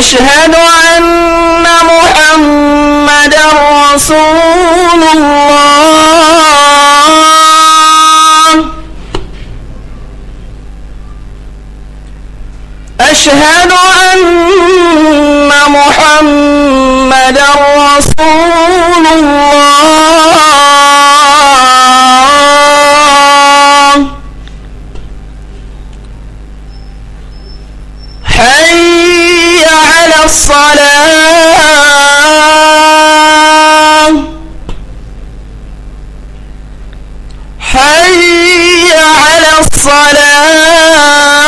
أشهد أن محمد رسول الله أشهد أن محمد رسول الله الصلاة حي على الصلاة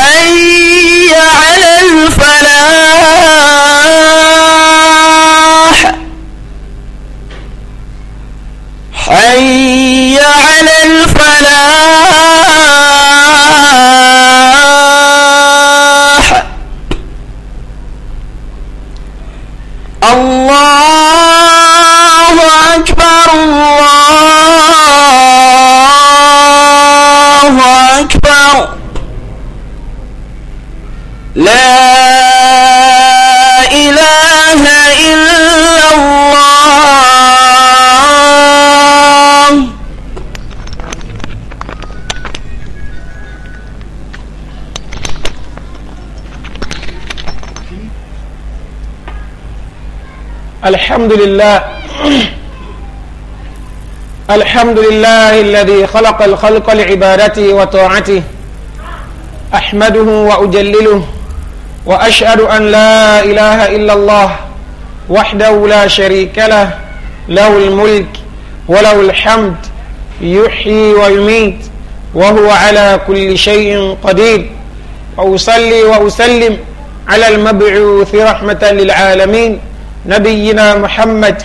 حي على الفلاح حي على الفلاح الحمد لله الحمد لله الذي خلق الخلق لعبادته وطاعته أحمده وأجلله وأشهد أن لا إله إلا الله وحده لا شريك له له الملك وله الحمد يحيي ويميت وهو على كل شيء قدير وأصلي وأسلم على المبعوث رحمة للعالمين نبينا محمد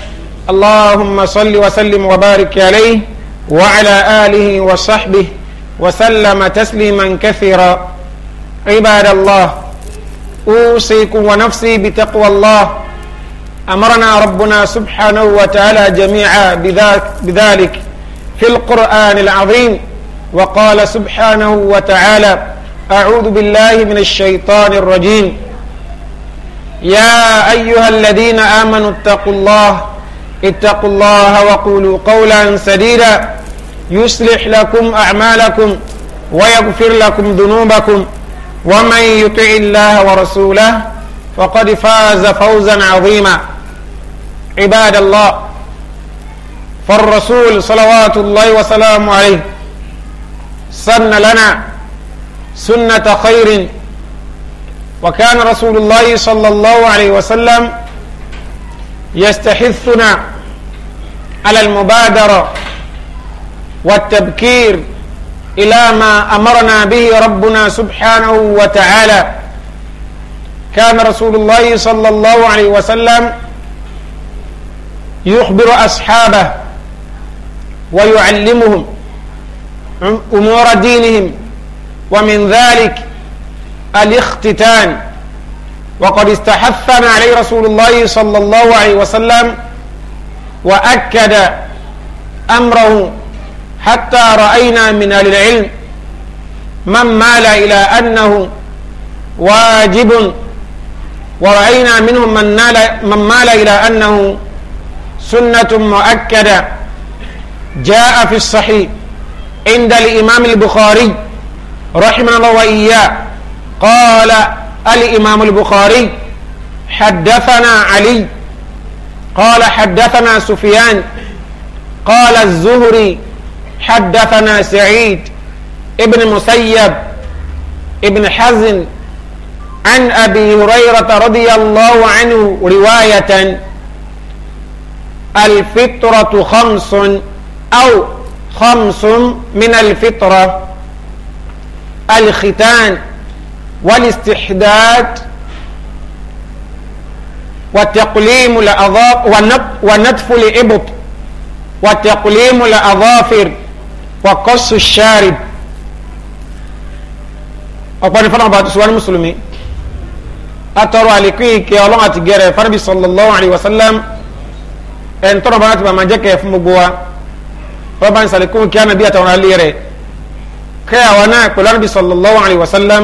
اللهم صل وسلم وبارك عليه وعلى آله وصحبه وسلم تسليما كثيرا عباد الله أوصيكم ونفسي بتقوى الله أمرنا ربنا سبحانه وتعالى جميعا بذلك في القرآن العظيم وقال سبحانه وتعالى أعوذ بالله من الشيطان الرجيم يا أيها الذين آمنوا اتقوا الله اتقوا الله وقولوا قولا سديدا يصلح لكم أعمالكم ويغفر لكم ذنوبكم ومن يطع الله ورسوله فقد فاز فوزا عظيما عباد الله فالرسول صلوات الله وسلامه عليه سن لنا سنة خير وكان رسول الله صلى الله عليه وسلم يستحثنا على المبادرة والتبكير إلى ما أمرنا به ربنا سبحانه وتعالى كان رسول الله صلى الله عليه وسلم يخبر أصحابه ويعلمهم أمور دينهم ومن ذلك الاختتان وقد استحثنا عليه رسول الله صلى الله عليه وسلم وأكد أمره حتى رأينا من أهل العلم من مال إلى أنه واجب ورأينا منهم من, نال من مال إلى أنه سنة مؤكدة جاء في الصحيح عند الإمام البخاري رحمه الله وإياه قال الإمام البخاري حدثنا علي قال حدثنا سفيان قال الزهري حدثنا سعيد ابن مسيب ابن حزن عن أبي هريرة رضي الله عنه رواية الفطرة خمس أو خمس من الفطرة الختان والاستحداد وتقليم الأظافر ونتف الإبط وتقليم الأظافر وقص الشارب ọ̀pọ̀ni fọ́nà ọba àtúnṣe wa ní mùsùlùmí atọ́rọ àlékún ìkẹ́ ọlọ́run àti gẹ̀rẹ̀ fanabi sallallahu alayhi wa sallam ẹ̀ń tọ́rọ bá láti bàmà jẹ́kẹ̀ fún gbogbo wa wọ́n bá ń sàlékún kí á nàbí àtàwọn alẹ́ rẹ̀ kẹ́ àwọn náà pẹ̀lú anabi sallallahu alayhi wa sallam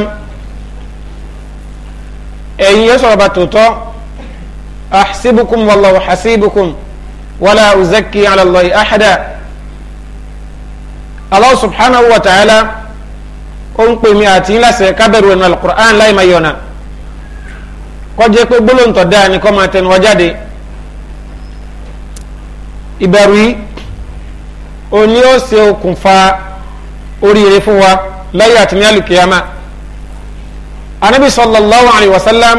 ẹ̀yin yẹn sọ̀rọ̀ bá tòótọ́ ahsibukum wallahu hasibukum wala uzaki ala Allahi ahada Allah subhanahu wa ta'ala ó ń pè mí àti ńláṣẹ kábẹ̀rù ẹ̀nu alukur'an láì máa yọ̀nà kọjá pé gbólóǹtọ̀ dáa ni kọ́ máa tẹnu wá jáde ìbẹ̀rù yìí òní ó ṣe okùnfà oríire fún wa láyé àtúnyálùkìyàmá anabi sallallahu alayhi wa sallam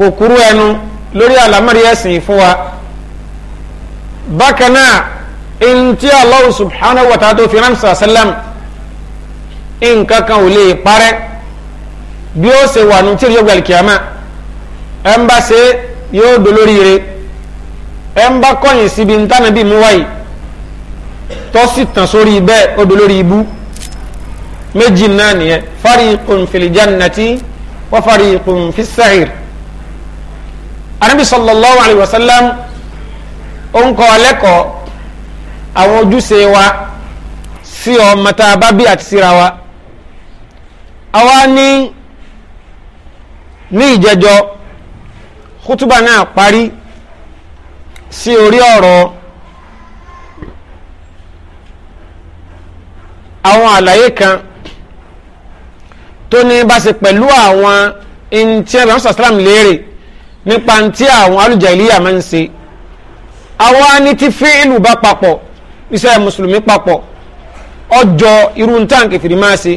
kò kúrú ẹnu lórí àlámọ̀rí ẹ̀sìn fún wa bákan náà ntí Allah subhanahu wa ta'ala tó fi ránṣẹ́ sallam nǹkan kan ò lè parẹ́ bí ó ṣe wà ní yóò gbàlì kìámà ẹ̀ ṣe yóò dolóríire ẹ̀ ń bá síbi ntánàbí mú wáyé tó tàn sórí bẹ́ẹ̀ ó dolórí ibú méjì náà nìyẹn fariqun fil jannati wa fariqun fis sa'ir anabi sallallahu alayhi wa sallam ó ń kọ́ lẹ́kọ̀ọ́ àwọn ojúṣe wa sí ọmọ tá a àti síra wa àwa ní ní ìjẹjọ kútúbà náà parí sí orí ọ̀rọ̀ àwọn àlàyé kan tó ní bá ṣe pẹ̀lú àwọn ntí ẹ̀rọ sàlám léèrè nípa ntí àwọn alùjàhílíyà máa ń ṣe àwọn á ní tí fíìlù bá papọ̀ iṣẹ́ mùsùlùmí papọ̀ ọjọ́ irú táǹkì fìdí máa ṣe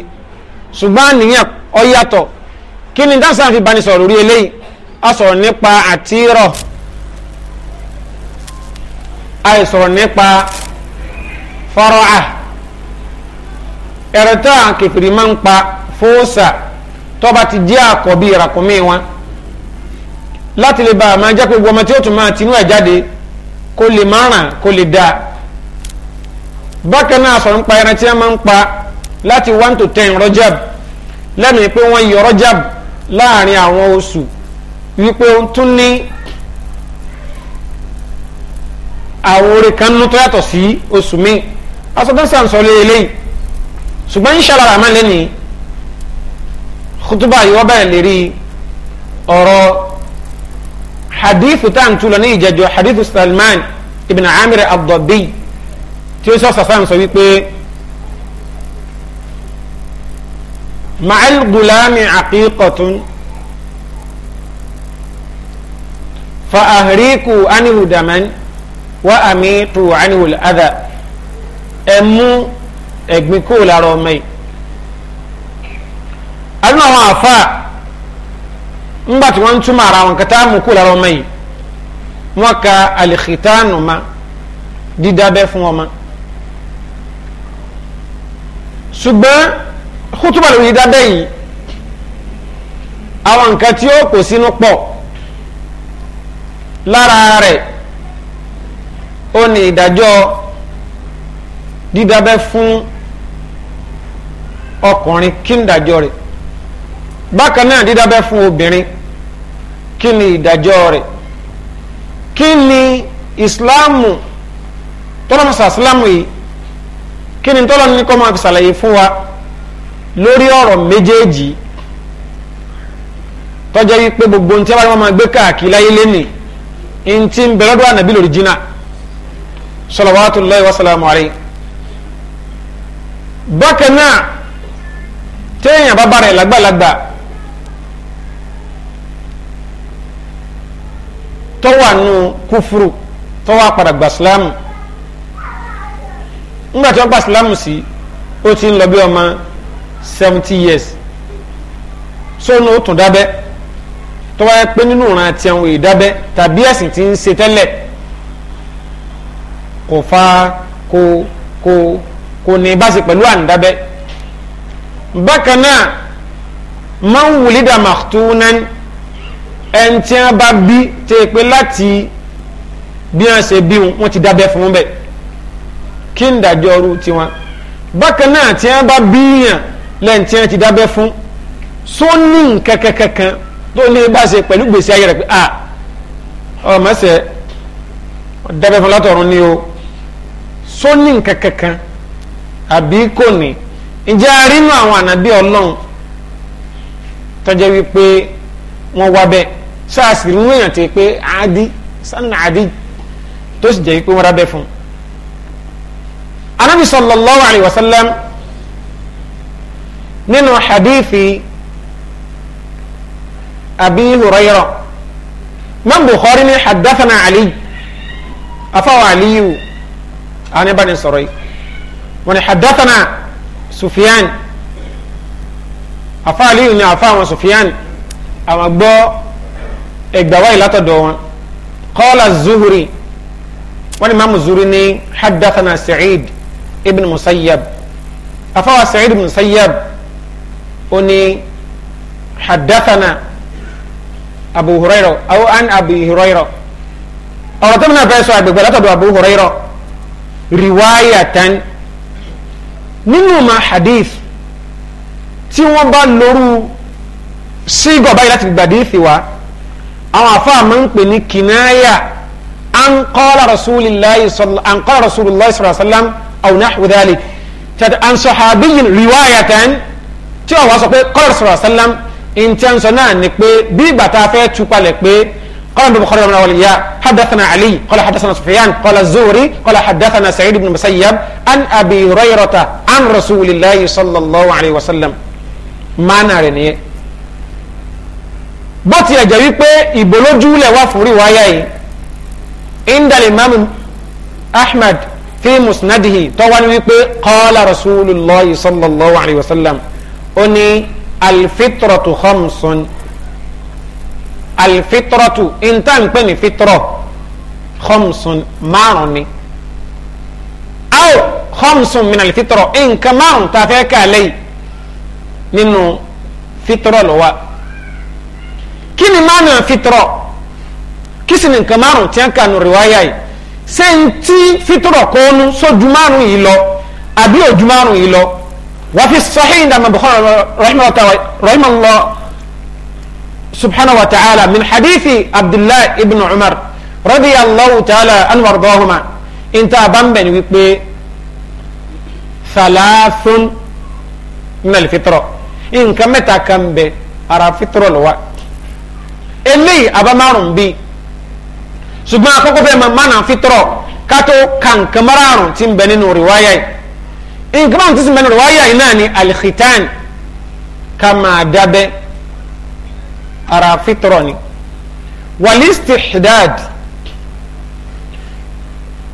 ṣùgbọ́n àníyàn ó yàtọ̀ kí ni dáṣà fi bani sọ̀rọ̀ lórí eléyìí a sọ̀rọ̀ nípa àtírọ̀ a yìí sọ̀rọ̀ nípa fọ́rọ̀ à ẹ̀rọ táǹkì fìdí máa ń pa fóòsà tọ́ba ti jẹ́ àkọ́bí ìràkúnmí wọn láti lè ba àmà jẹ́ pé gbọmọ tí ó tún máa tinú ẹ̀ jáde kó lè márùn kó lè dáa bákan náà sọ̀rọ̀ ń pa ẹran tí wọ́n máa ń pa láti one to ten rọ́jàb lẹ́nu pé wọ́n yọ rọ́jàb láàrin àwọn oṣù wípé ó tún ní àwọn orí kan nú tó yàtọ̀ sí oṣù míì asọ́tún sàǹsọ̀ lé eléyìí ṣùgbọ́n ń ṣàlàyé àmọ́ lẹ́nìí khutuba yìí wọ́n bẹ̀rẹ̀ lérí ọ̀rọ̀ hadithu tá à ń tu lọ ní ìjẹjọ hadithu Salman ibn Amir abdobi tí ó sọ sàfàm sọ wípé ma'al gulami aqiqatun fa ahriku anhu daman wa amitu anhu al-adha ẹ mú ẹ̀gbin kó àdúrà àwọn àfa ńgbà tí wọ́n ń túmọ̀ ara wọn kẹta mú kú lára ọmọ yìí wọ́n ka àlìkìtánù ma dídábẹ́ fún ọmọ ṣùgbọ́n kútùbà lórí dídábẹ́ yìí àwọn nǹkan tí ó sínú pọ̀ lára rẹ̀ ó ní ìdájọ́ dídábẹ́ fún ọkùnrin kí ń dájọ́ rẹ̀ bákan náà dídábẹ́ fún obìnrin kí ni ìdájọ́ rẹ̀ kí ni ìsìláàmù tọ́lọ́mùsà ìsìláàmù yìí kí ni tọ́lọ́mù ní kọ́ máa fi ṣàlàyé fún wa lórí ọ̀rọ̀ méjèèjì tọ́jọ́ yìí pé gbogbo ohun tí a bá máa gbé káàkiri láyé lẹ́nì ń ti ń bẹ lọ́dọ̀ ànábì lórí jìnnà salawatullahi wa salamu alayhi bákan náà téèyàn bá bá rẹ̀ lágbàlagbà. tọ́wà nù kúfúrú tọ́wà padà gba sílámù ńgbà tí wọ́n gba sílámù sí ó ti ń lọ bí ọmọ seventy years sóònù ó tún dábẹ́ tọ́wà yẹ pé nínú ìran àti àwọn ìdábẹ́ tàbí ẹ̀sìn tí ń ṣe tẹ́lẹ̀ kò fa kò kò kò ní ìbáṣe pẹ̀lú àǹdábẹ́ bákan náà man wulida maktunan ẹni tí wọ́n bá bí tẹ́ pé láti bí wọ́n ṣe bí wọ́n ti dábẹ́ fún bẹ́ẹ̀ kí ń dájọ́ ọrú tiwọn bákan náà tí wọ́n bá bí yàn lẹ́yìn tí wọ́n ti dábẹ́ fún sóní kankankankan tó lè bá ṣe pẹ̀lú gbèsè ayé rẹ̀ pé a ọmọ ẹsẹ̀ dábẹ́ fún látọ̀run ni o sóní kankankan àbí kò ní ǹjẹ́ arínú àwọn ànábì ọlọ́run tọ́jẹ́ wípé wọ́n wá bẹ́ẹ̀ sars rí wọ́n yàn tí pé adi sanni adi tó sì jẹ́ pé wọ́n rábẹ́ fún un. anabi sallallahu alayhi wa sallam nínú hadithi abi hurayra man bukhari ni hadathana ali afaw aliyu ani bani sọ̀rọ̀ wani hadathana sufiyan afa aliyu ni afa sufiyan àwọn gbọ́ ẹgbà wáyé látọ̀dọ̀ wọn qala zuhuri wọ́n ní maamu zuhuri ní haddathana sa'id ibn musayyab afawa sa'id ibn musayyab ó ní haddathana abu hurayra aw an abu hurayra ọ̀rọ̀ tó ń náà fẹ́ sọ àgbègbè látọ̀dọ̀ abu hurayra riwayatan nínú ma hadith tí wọ́n bá lóru sígọ̀ báyìí láti gbàdé ìfì wa àwọn àfáà máa ń pè ní kìnnáyà ankọ́lá rasulillahi ankọ́lá rasulillahi sallallahu alayhi wa sallam aw nahwu dhalik tàbí ansahabiyin riwayatan tí wọ́n wá sọ pé kọ́lá sallallahu alayhi wa sallam intention náà ni pé bí ìgbà tá a fẹ́ tupalẹ̀ pé قال ابن بخاري رحمه الله حدثنا علي قال حدثنا سفيان قال الزهري قال حدثنا سعيد بن مسيب عن ابي هريره عن رسول الله صلى الله عليه وسلم معنى رنيه bó ti ẹ̀jẹ̀ wípé ìbò lójúlẹ̀ wà fún ríwáyà yìí indal imam ahmad fi musnadihi tọ́wá ní wípé qala rasulullah sallallahu alayhi wa sallam ó ní alfitratu khamsun alfitratu intan pé ní fitrọ khamsun márùn ni aw khamsun min alfitrọ nǹkan márùn tá fẹ́ kà lẹ́yìn nínú fitrọ lọ́wọ́ kí ni mánà fitrọ kí sì ni nǹkan márùn tí a ń kà nù rìwáyà yìí ṣé n tí fitrọ kọ́nu sójú márùn yìí lọ àbí ojú márùn yìí lọ wàá fi sahih ìdààmú Bukhari rahimahullah subhanahu wa ta'ala min hadithi abdullahi ibn umar radiyallahu ta'ala anhu ardahuma inta bambe ni wípé thalathun min alfitra nǹkan mẹ́ta kan bẹ ara fitro lo wa eléyìí àbá márùn bí ṣùgbọ́n akọ́kọ́ fẹ́ máa mánà fitrọ kátó kàǹkà márùn ti ń bẹ nínú rìwáyà yìí nǹkan márùn ti ń bẹ nínú rìwáyà yìí náà ni alikitan ká máa dábẹ́ ara fitrọ ni walistihdad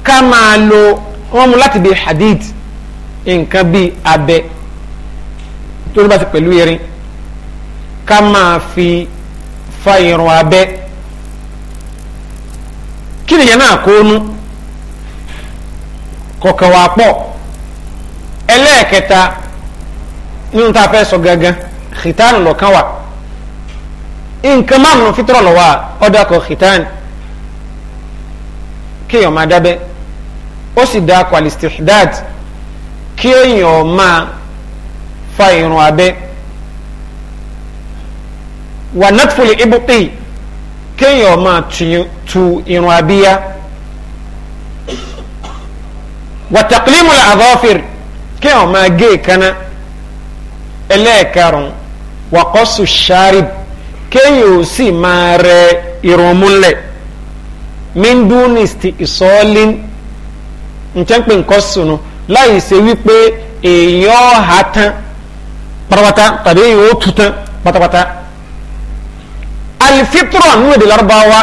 ká máa lo wọ́n mú láti bí hadid nǹkan bí abẹ tó ní bá ti pẹ̀lú irin ká fi fa irun abẹ́ kí nìyẹn náà kóónú kọ̀ọ̀kan wà pọ̀ ẹlẹ́ẹ̀kẹta nínú tá a fẹ́ sọ gangan xitanu lọ́kàn wà nǹkan márùn fitrọ lọ wa ọdọ akọ xitanu kéèyàn máa dábẹ́ ó sì da akọ alistihdad kéèyàn máa fa irun abẹ́ wà nàtfòlì ibùpè kéèyàn máa tu irun abíyá wà tàkìlímù àdọ́fìr kéèyàn máa gé ìkànnà ẹlẹ́ẹ̀karùn wà kọ́sù sharib kéèyàn ò sì máa rẹ irun múlẹ̀ mindunisti ìsọ́ọ́lín ntẹ́npẹ̀ nǹkan sùnù láì ṣe wípé èèyàn ọ̀hà tán pátápátá tàbí èèyàn ó tu tán pátápátá alifitro nínú èdè lárúbáwá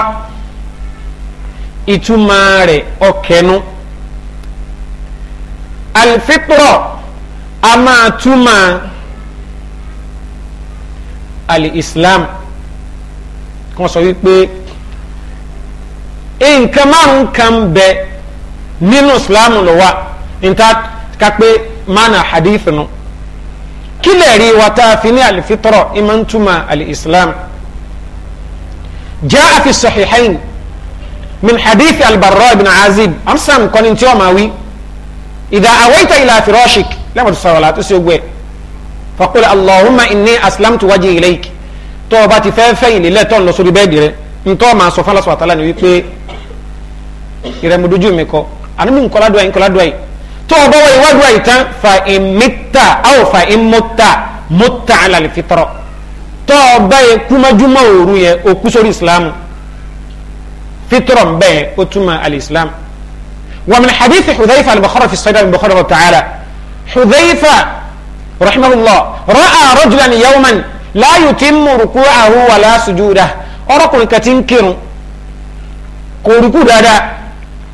ìtumọ̀ rẹ̀ ọ̀kẹ́nu alifitro a máa túmọ̀ alìsílámù kan sọ wípé nǹkan márùn kan bẹ nínú islam ló wà níta ká pé mánà hadith nù kílẹ̀ rí wa tá fi ní alifitro ìmọ̀ ń túmọ̀ جاء في الصحيحين من حديث البراء بن عازب أمسام كوننتي وماوي إذا أويت إلى فراشك لما تصلى تسوي فقل اللهم إني أسلمت وجهي إليك توبة فافين لله تون لصول بيدر انتو ما صفى الله سبحانه وتعالى نيبي يرمدجو أنا من كلا دواي كلا دواي توبة ويوا دواي تا فإن متا أو فإن مت مت على الفطرة tọ́ ọ báyẹn kúmọ́júmọ́ òru yẹn o kú sórí islam fitrọ̀ ń bẹ́ẹ̀ o túmọ̀ al-islam wa min hadithi hudhaifa al-bukhari fi sahih al-bukhari wa ta'ala hudhaifa rahimahullah ra'a rajulan yawman la yutimmu ruku'ahu wa la sujudahu ọ̀rọ̀kùnrin kàtí ń kírun kò rúkú dáadáa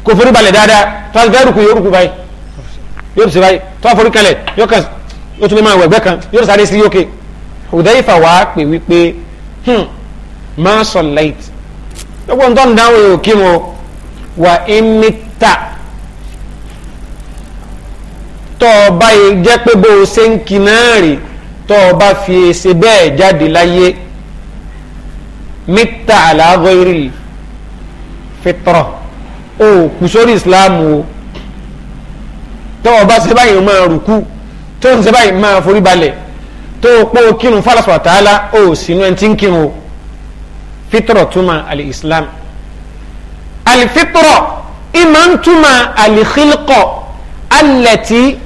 kò forí balẹ̀ dáadáa tó a fẹ́ rúkú yóò rúkú báyìí yóò sì báyìí tó a forí kalẹ̀ yóò kàn yóò tún bẹ́ẹ̀ máa wẹ̀ gbẹ́ kan yóò sáré sí yókè. Hudhaifa wàá pè wípé hmm, ma sallait gbogbo ntọ́ ndáwọ̀ yóò kí mo wà ní ta tọ́ ọ báyìí jẹ́ pé bó o ṣe ń kí náà rè tọ́ ọ bá fi ṣe bẹ́ẹ̀ jáde láyé o kù sórí o tọ́ ọ bá ṣe báyìí máa rùkú tó ń ṣe tó o pọ́ kírun fálásọ̀ àtàlà ó sínú ẹni tí ń kírun o fitrọ̀ túmọ̀ al-islam al-fitrọ̀ ìmọ̀ ń túmọ̀ al-khilqọ̀ allati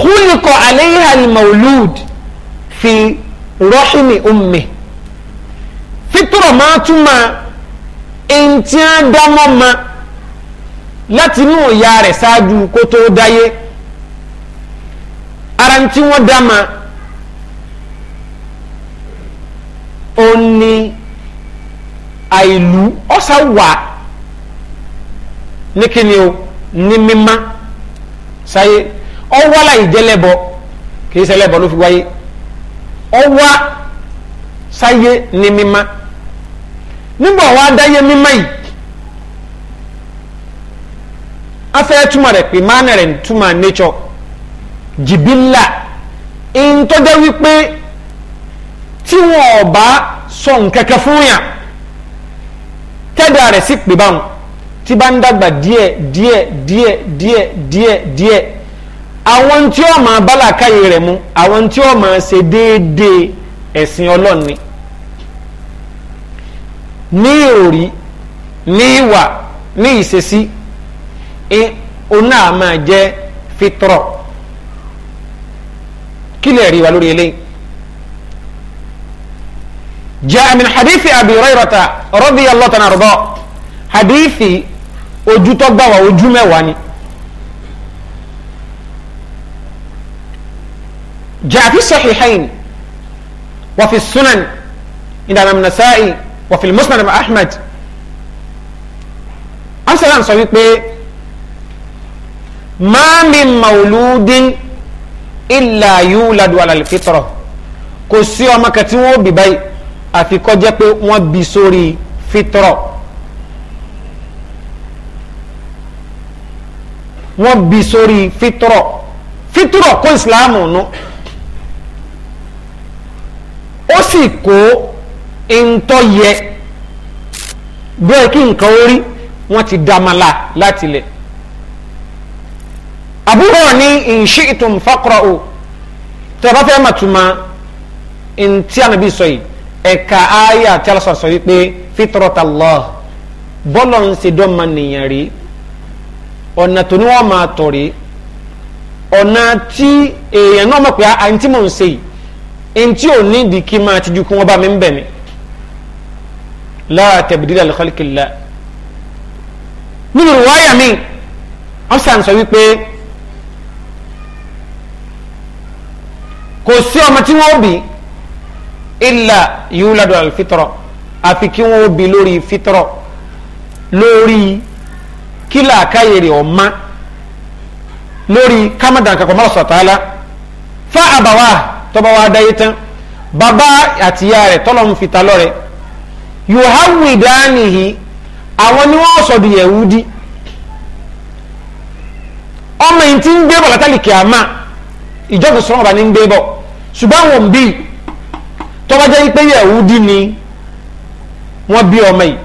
khuliqa alayha al-mawlud fi rahimi ummi fitrọ máa túmọ̀ ẹ̀ǹtí á ma láti inú ìyá rẹ̀ ṣáájú ara ntí wọn dá ma ó ní àìlú ọ̀sà wà ní kíni o ní mímá sáyé ọwọ́ láì jẹ́lẹ́bọ kì í ṣẹlẹ́bọ ló fi wáyé ọwọ́ sáyé ní mímá nígbà wàá dáyé mímá yìí afẹ́ túmọ̀ rẹ̀ nature jìbìlà ìntọ́jẹ́ wípé tí wọn ò bá sọ nkẹ́kẹ́ fún yàn tẹ́dà rẹ̀ sì pè báwọn tí bá ń dàgbà díẹ̀ díẹ̀ díẹ̀ díẹ̀ díẹ̀ díẹ̀ àwọn tí ó máa bálàkáyè rẹ̀ mu àwọn tí ó máa ṣe déédéé ẹ̀sìn ọlọ́ni ní òrí ní ìwà ní ìṣesí òun náà jẹ́ fitrọ̀ كل يري ولوري لي جاء من حديث أبي هريرة رضي الله تعالى رضا حديث أجو تبا وأجو مواني جاء في الصحيحين وفي السنن عند الإمام النسائي وفي المسند مع أحمد أمسى أن صحيح ما من مولود illa yuladu ala alfitra kò sí ọmọ kan tí wọ́n bí báyìí àfi kó jẹ́ pé wọ́n bí sórí fitra wọ́n bí sórí fitra fitra kó ìsìláàmù nu ó sì kó ntọ́ yẹ bẹ́ẹ̀ kí nǹkan ó rí wọ́n ti dá ma la láti lẹ̀ àbúrò ní ìṣí ìtùm fọ́kọ̀rọ̀ o tẹ́ ẹ bá fẹ́ mà tuma ntí ànábì sọ yìí ẹ̀ka ayé àti alásọ̀sọ̀ yìí pé fitrọ̀tà lọ bọ́lọ̀ ń ṣe dọ́mà nìyẹn rí ọ̀nà tó ní wọ́n máa tọ̀ rí ọ̀nà tí èèyàn náà mọ̀ pé àǹtí ah, mò ń ṣe yìí ntí ò ní ìdí kí máa tijú kí wọ́n bá mi ń bẹ̀ mí láà tẹ̀bìdìlà lọ́kọ́lìkìlá nínú ìwáyà mi ọ̀sán sọ wípé. kò sí ọmọ tí wọ́n bí ilà yuladu alfitrọ àfi kí wọ́n bí lórí fitrọ lórí kílà káyèrè ọ̀ma lórí kámẹ́dàn kankan mọ́rọ̀ sọ̀tàlá fa àbáwá tọ́ba wa dáyé tán bàbá àtìyá rẹ̀ tọ́lọ̀ ń fita lọ́rẹ̀ yohawidanihi àwọn ni wọ́n sọ̀dù yẹ̀wúdí ọmọ yìí ti ń gbé bàlátàlì kìámà ìjọba sọ̀rọ̀ ọba ní ń gbé bọ̀ ṣùgbọ́n àwọn òbí tọ́ba jẹ́ pé Yẹhudi ni wọ́n bí ọmọ yìí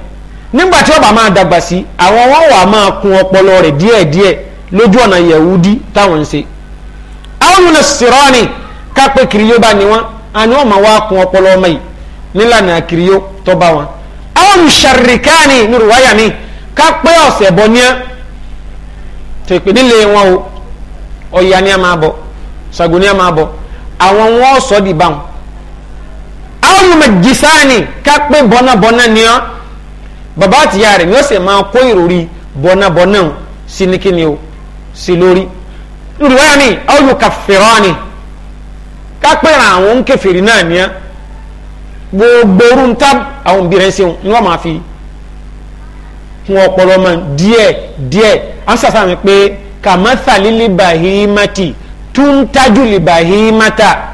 nígbà tí ọba máa dàgbà sí àwọn wọn wà máa kun ọpọlọ rẹ̀ díẹ̀díẹ̀ lójú ọ̀nà Yẹhudi táwọn ń ṣe àwọn múlẹ̀ sọ̀rọ̀ ni kápẹ́ kìrìyó bá ní wọn àní wọn máa wá kun ọpọlọ ọmọ yìí nílànà kìrìyó tọ́ba wọn àwọn olùṣàrìkáàní ní mi kápẹ́ ọ̀sẹ̀ bọ́ níyà tèpè nílé wọn o ọ̀yà ni a máa bọ̀ sagoni a máa bọ àwọn wọn sọ di báwọn àwọn ọmọ jisani kápẹ́ bọ́nàbọ́nà ni ọ́ bàbá àtìyá rẹ̀ ni ó sì máa kó ìròrí bọ́nàbọ́nà sí ní kíni o sí lórí nùdùwáyà mi àwọn yóò kàfẹ́rọ́ ni kápẹ́ ra àwọn kèfèrí náà ni ọ́ gbogbo àwọn òbí rẹ̀ ni wọ́n máa fi kún ọpọlọ mọ díẹ̀ díẹ̀ ansa mi pé kàmásà lílì bàhímàtì tuntaju libahimata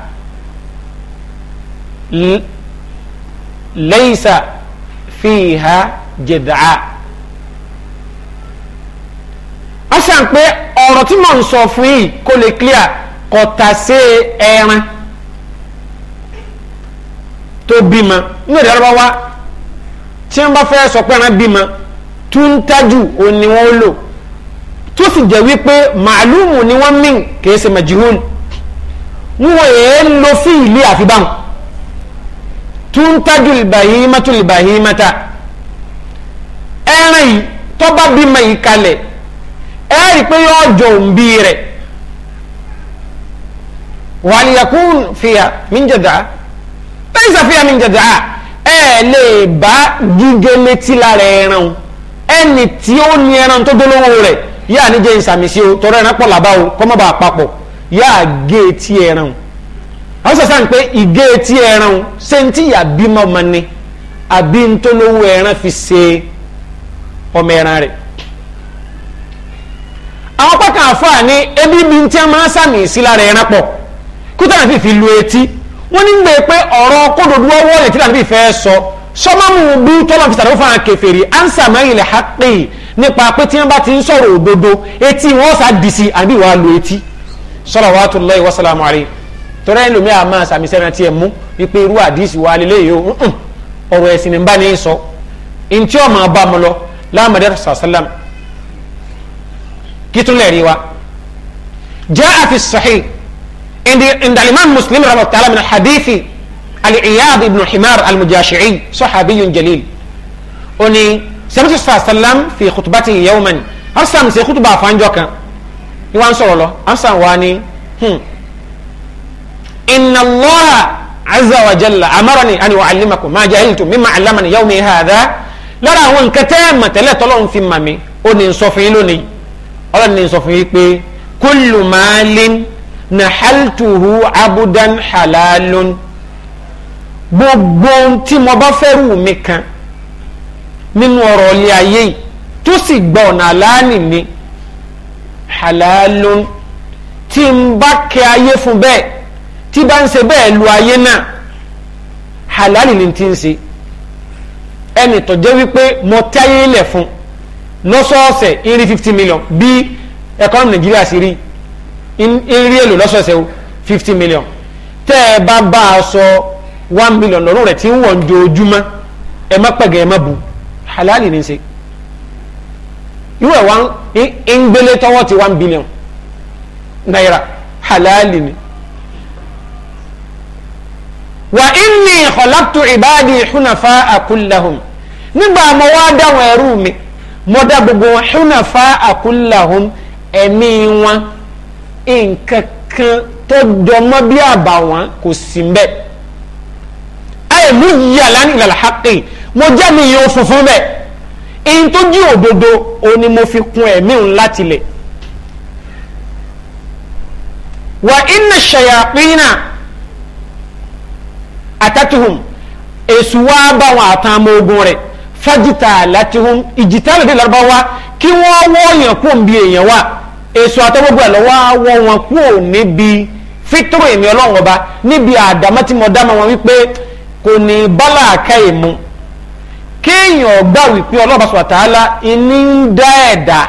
leisa fiha jedaa a ṣàn pé ọ̀rọ̀ tí mò ń sọ fún yìí kó lè clear kọ̀tà sí ẹran tó bímọ nínú ìdí arábáwá tí wọ́n bá fẹ́ sọ pé ẹran bímọ tuntaju òní wọn lò tó sì jẹ́ wípé màálùmù ni wọ́n mìn kìí ṣe majhul wọn èé lo sí ilé àfibàn túntájú ìbàhímátú ìbàhímátá ẹran yìí tó bá bímọ yìí kalẹ̀ ẹ rí pé yóò jọ òǹbí rẹ̀ wàlìyàkún fìyà míjàdá lẹ́yìn fìyà míjàdá ẹ lè bá gígé létí lára ẹran ẹni tí ó ní ẹran tó dolówó rẹ̀ yá ní jẹ́ ìsàmìsí o tọrọ ẹran pọ̀ làbá o kọ́mọ́ bá papọ̀ yá gé etí ẹran o àwọn sọ̀sán pé ìgé etí ẹran o ṣé ń tíyà bímọ ọmọ ni àbí ń tó lówó ẹran fi ṣe ọmọ ẹran rẹ̀ àwọn pàkà àfáà ní ebi bí tí a máa ń sàmì sí lára ẹran pọ̀ kúta náà fìfì lu etí wọ́n ní gbé pé ọ̀rọ̀ kódòdó ọwọ́ rẹ̀ tí náà fìfẹ́ sọ sọmọ́mù bí tọ́lọ́ fi sàdó fún ansa mayilẹ̀ haqi nípa pé tí wọ́n bá ti ń sọ̀rọ̀ òdodo etí wọn sá di sí àbí wàá lo etí salawatullahi wa salamu alayhi torí ẹni lómi àmà sàmì sẹ́ni àti ẹ̀ mú wípé irú àdìsí wa lélẹ́ yìí ó ọ̀rọ̀ ẹ̀sìn ní bá ní sọ ntí ọmọ ọba mu lọ lámàdé sàlám kìtúnlẹ̀ rí wa jaa fi sahih عند الإمام مسلم رحمه الله تعالى من حديث العياض بن حمار المجاشعي صحابي جليل أني sẹ́mùsì sàlám fi kùtùbàtì yawman Hasan ṣe kùtùbà àfáńjọ kan ni wọ́n ń sọ̀rọ̀ lọ Hasan wà ní hmm. inna Allah azza wa jalla amarani ani wa alimakum ma jahiltu mimma alamani yawmi hadha lára àwọn nǹkan tẹ́ ẹ̀ mọ̀tẹ́lẹ̀ tọ́lọ́run fi mà mí ó ní sọ fún yín lónìí ọlọ́run ní sọ fún pé kullu malin nahaltuhu abudan halalun gbogbo tí mo bá fẹ́ rù mí kan nínú ọ̀rọ̀ ilé ayé yìí tó sì gba ọ̀nà aláàní mi halalun tí n bá kẹ ayé fún bẹ́ẹ̀ tí bá ń ṣe bẹ́ẹ̀ lu ayé náà halali ni ti ń ṣe ẹnì tó jẹ́ wípé mo tẹ́ ayé lẹ̀ fún lọ́sọ̀ọ̀sẹ̀ irí fifty million bí ẹ̀kọ́ nàìjíríà sì rí irí èlò lọ́sọ̀ọ̀sẹ̀ fifty million tẹ́ ẹ bá bá a sọ one million lọ́rùn rẹ̀ tí ń wọ̀ ń jojúmọ́ ẹ má pẹ̀gẹ́ ẹ má bu halali ní í ṣe irú ẹ̀ wá ń gbélé tọwọ́ ti one billion naira halali ni wa inni khalaqtu ibadi hunafa kullahum nígbà mo wá dáwọn ẹrú mi mo dá gbogbo hunafa kullahum ẹ̀mí wọn nǹkan kan tó dọmọ bí àbàwọ́n kò sí mbẹ́ẹ̀ lu yíyà lánìí ìlànà hàkì mo jẹ́ mi yìí oṣù fún bẹ́ẹ̀ èyí tó jí òdodo òní mo fi kun ẹ̀mí òun láti lẹ̀ wà iná ṣayàpínà àtàtúhùn èsù wá bá wọn àtàmọ́ ogun rẹ̀ fájìtà látìhùn ìjìtà lóde lárúbáwá kí wọ́n wọ́ọ̀yàn kú òun bí èèyàn wà èsù àtọ́gbọ́gbọ́ ẹ̀ lọ́wọ́ wọ́n wọn kú òun níbi fítúrò èmi ọlọ́run ọba níbi àdámọ́ tí wọn wípé kò ní bálà àkàyè mu kéèyàn gbà wípé ọlọ́ọ̀bá sọ̀rọ̀ tààlà ìní ń dá ẹ̀dá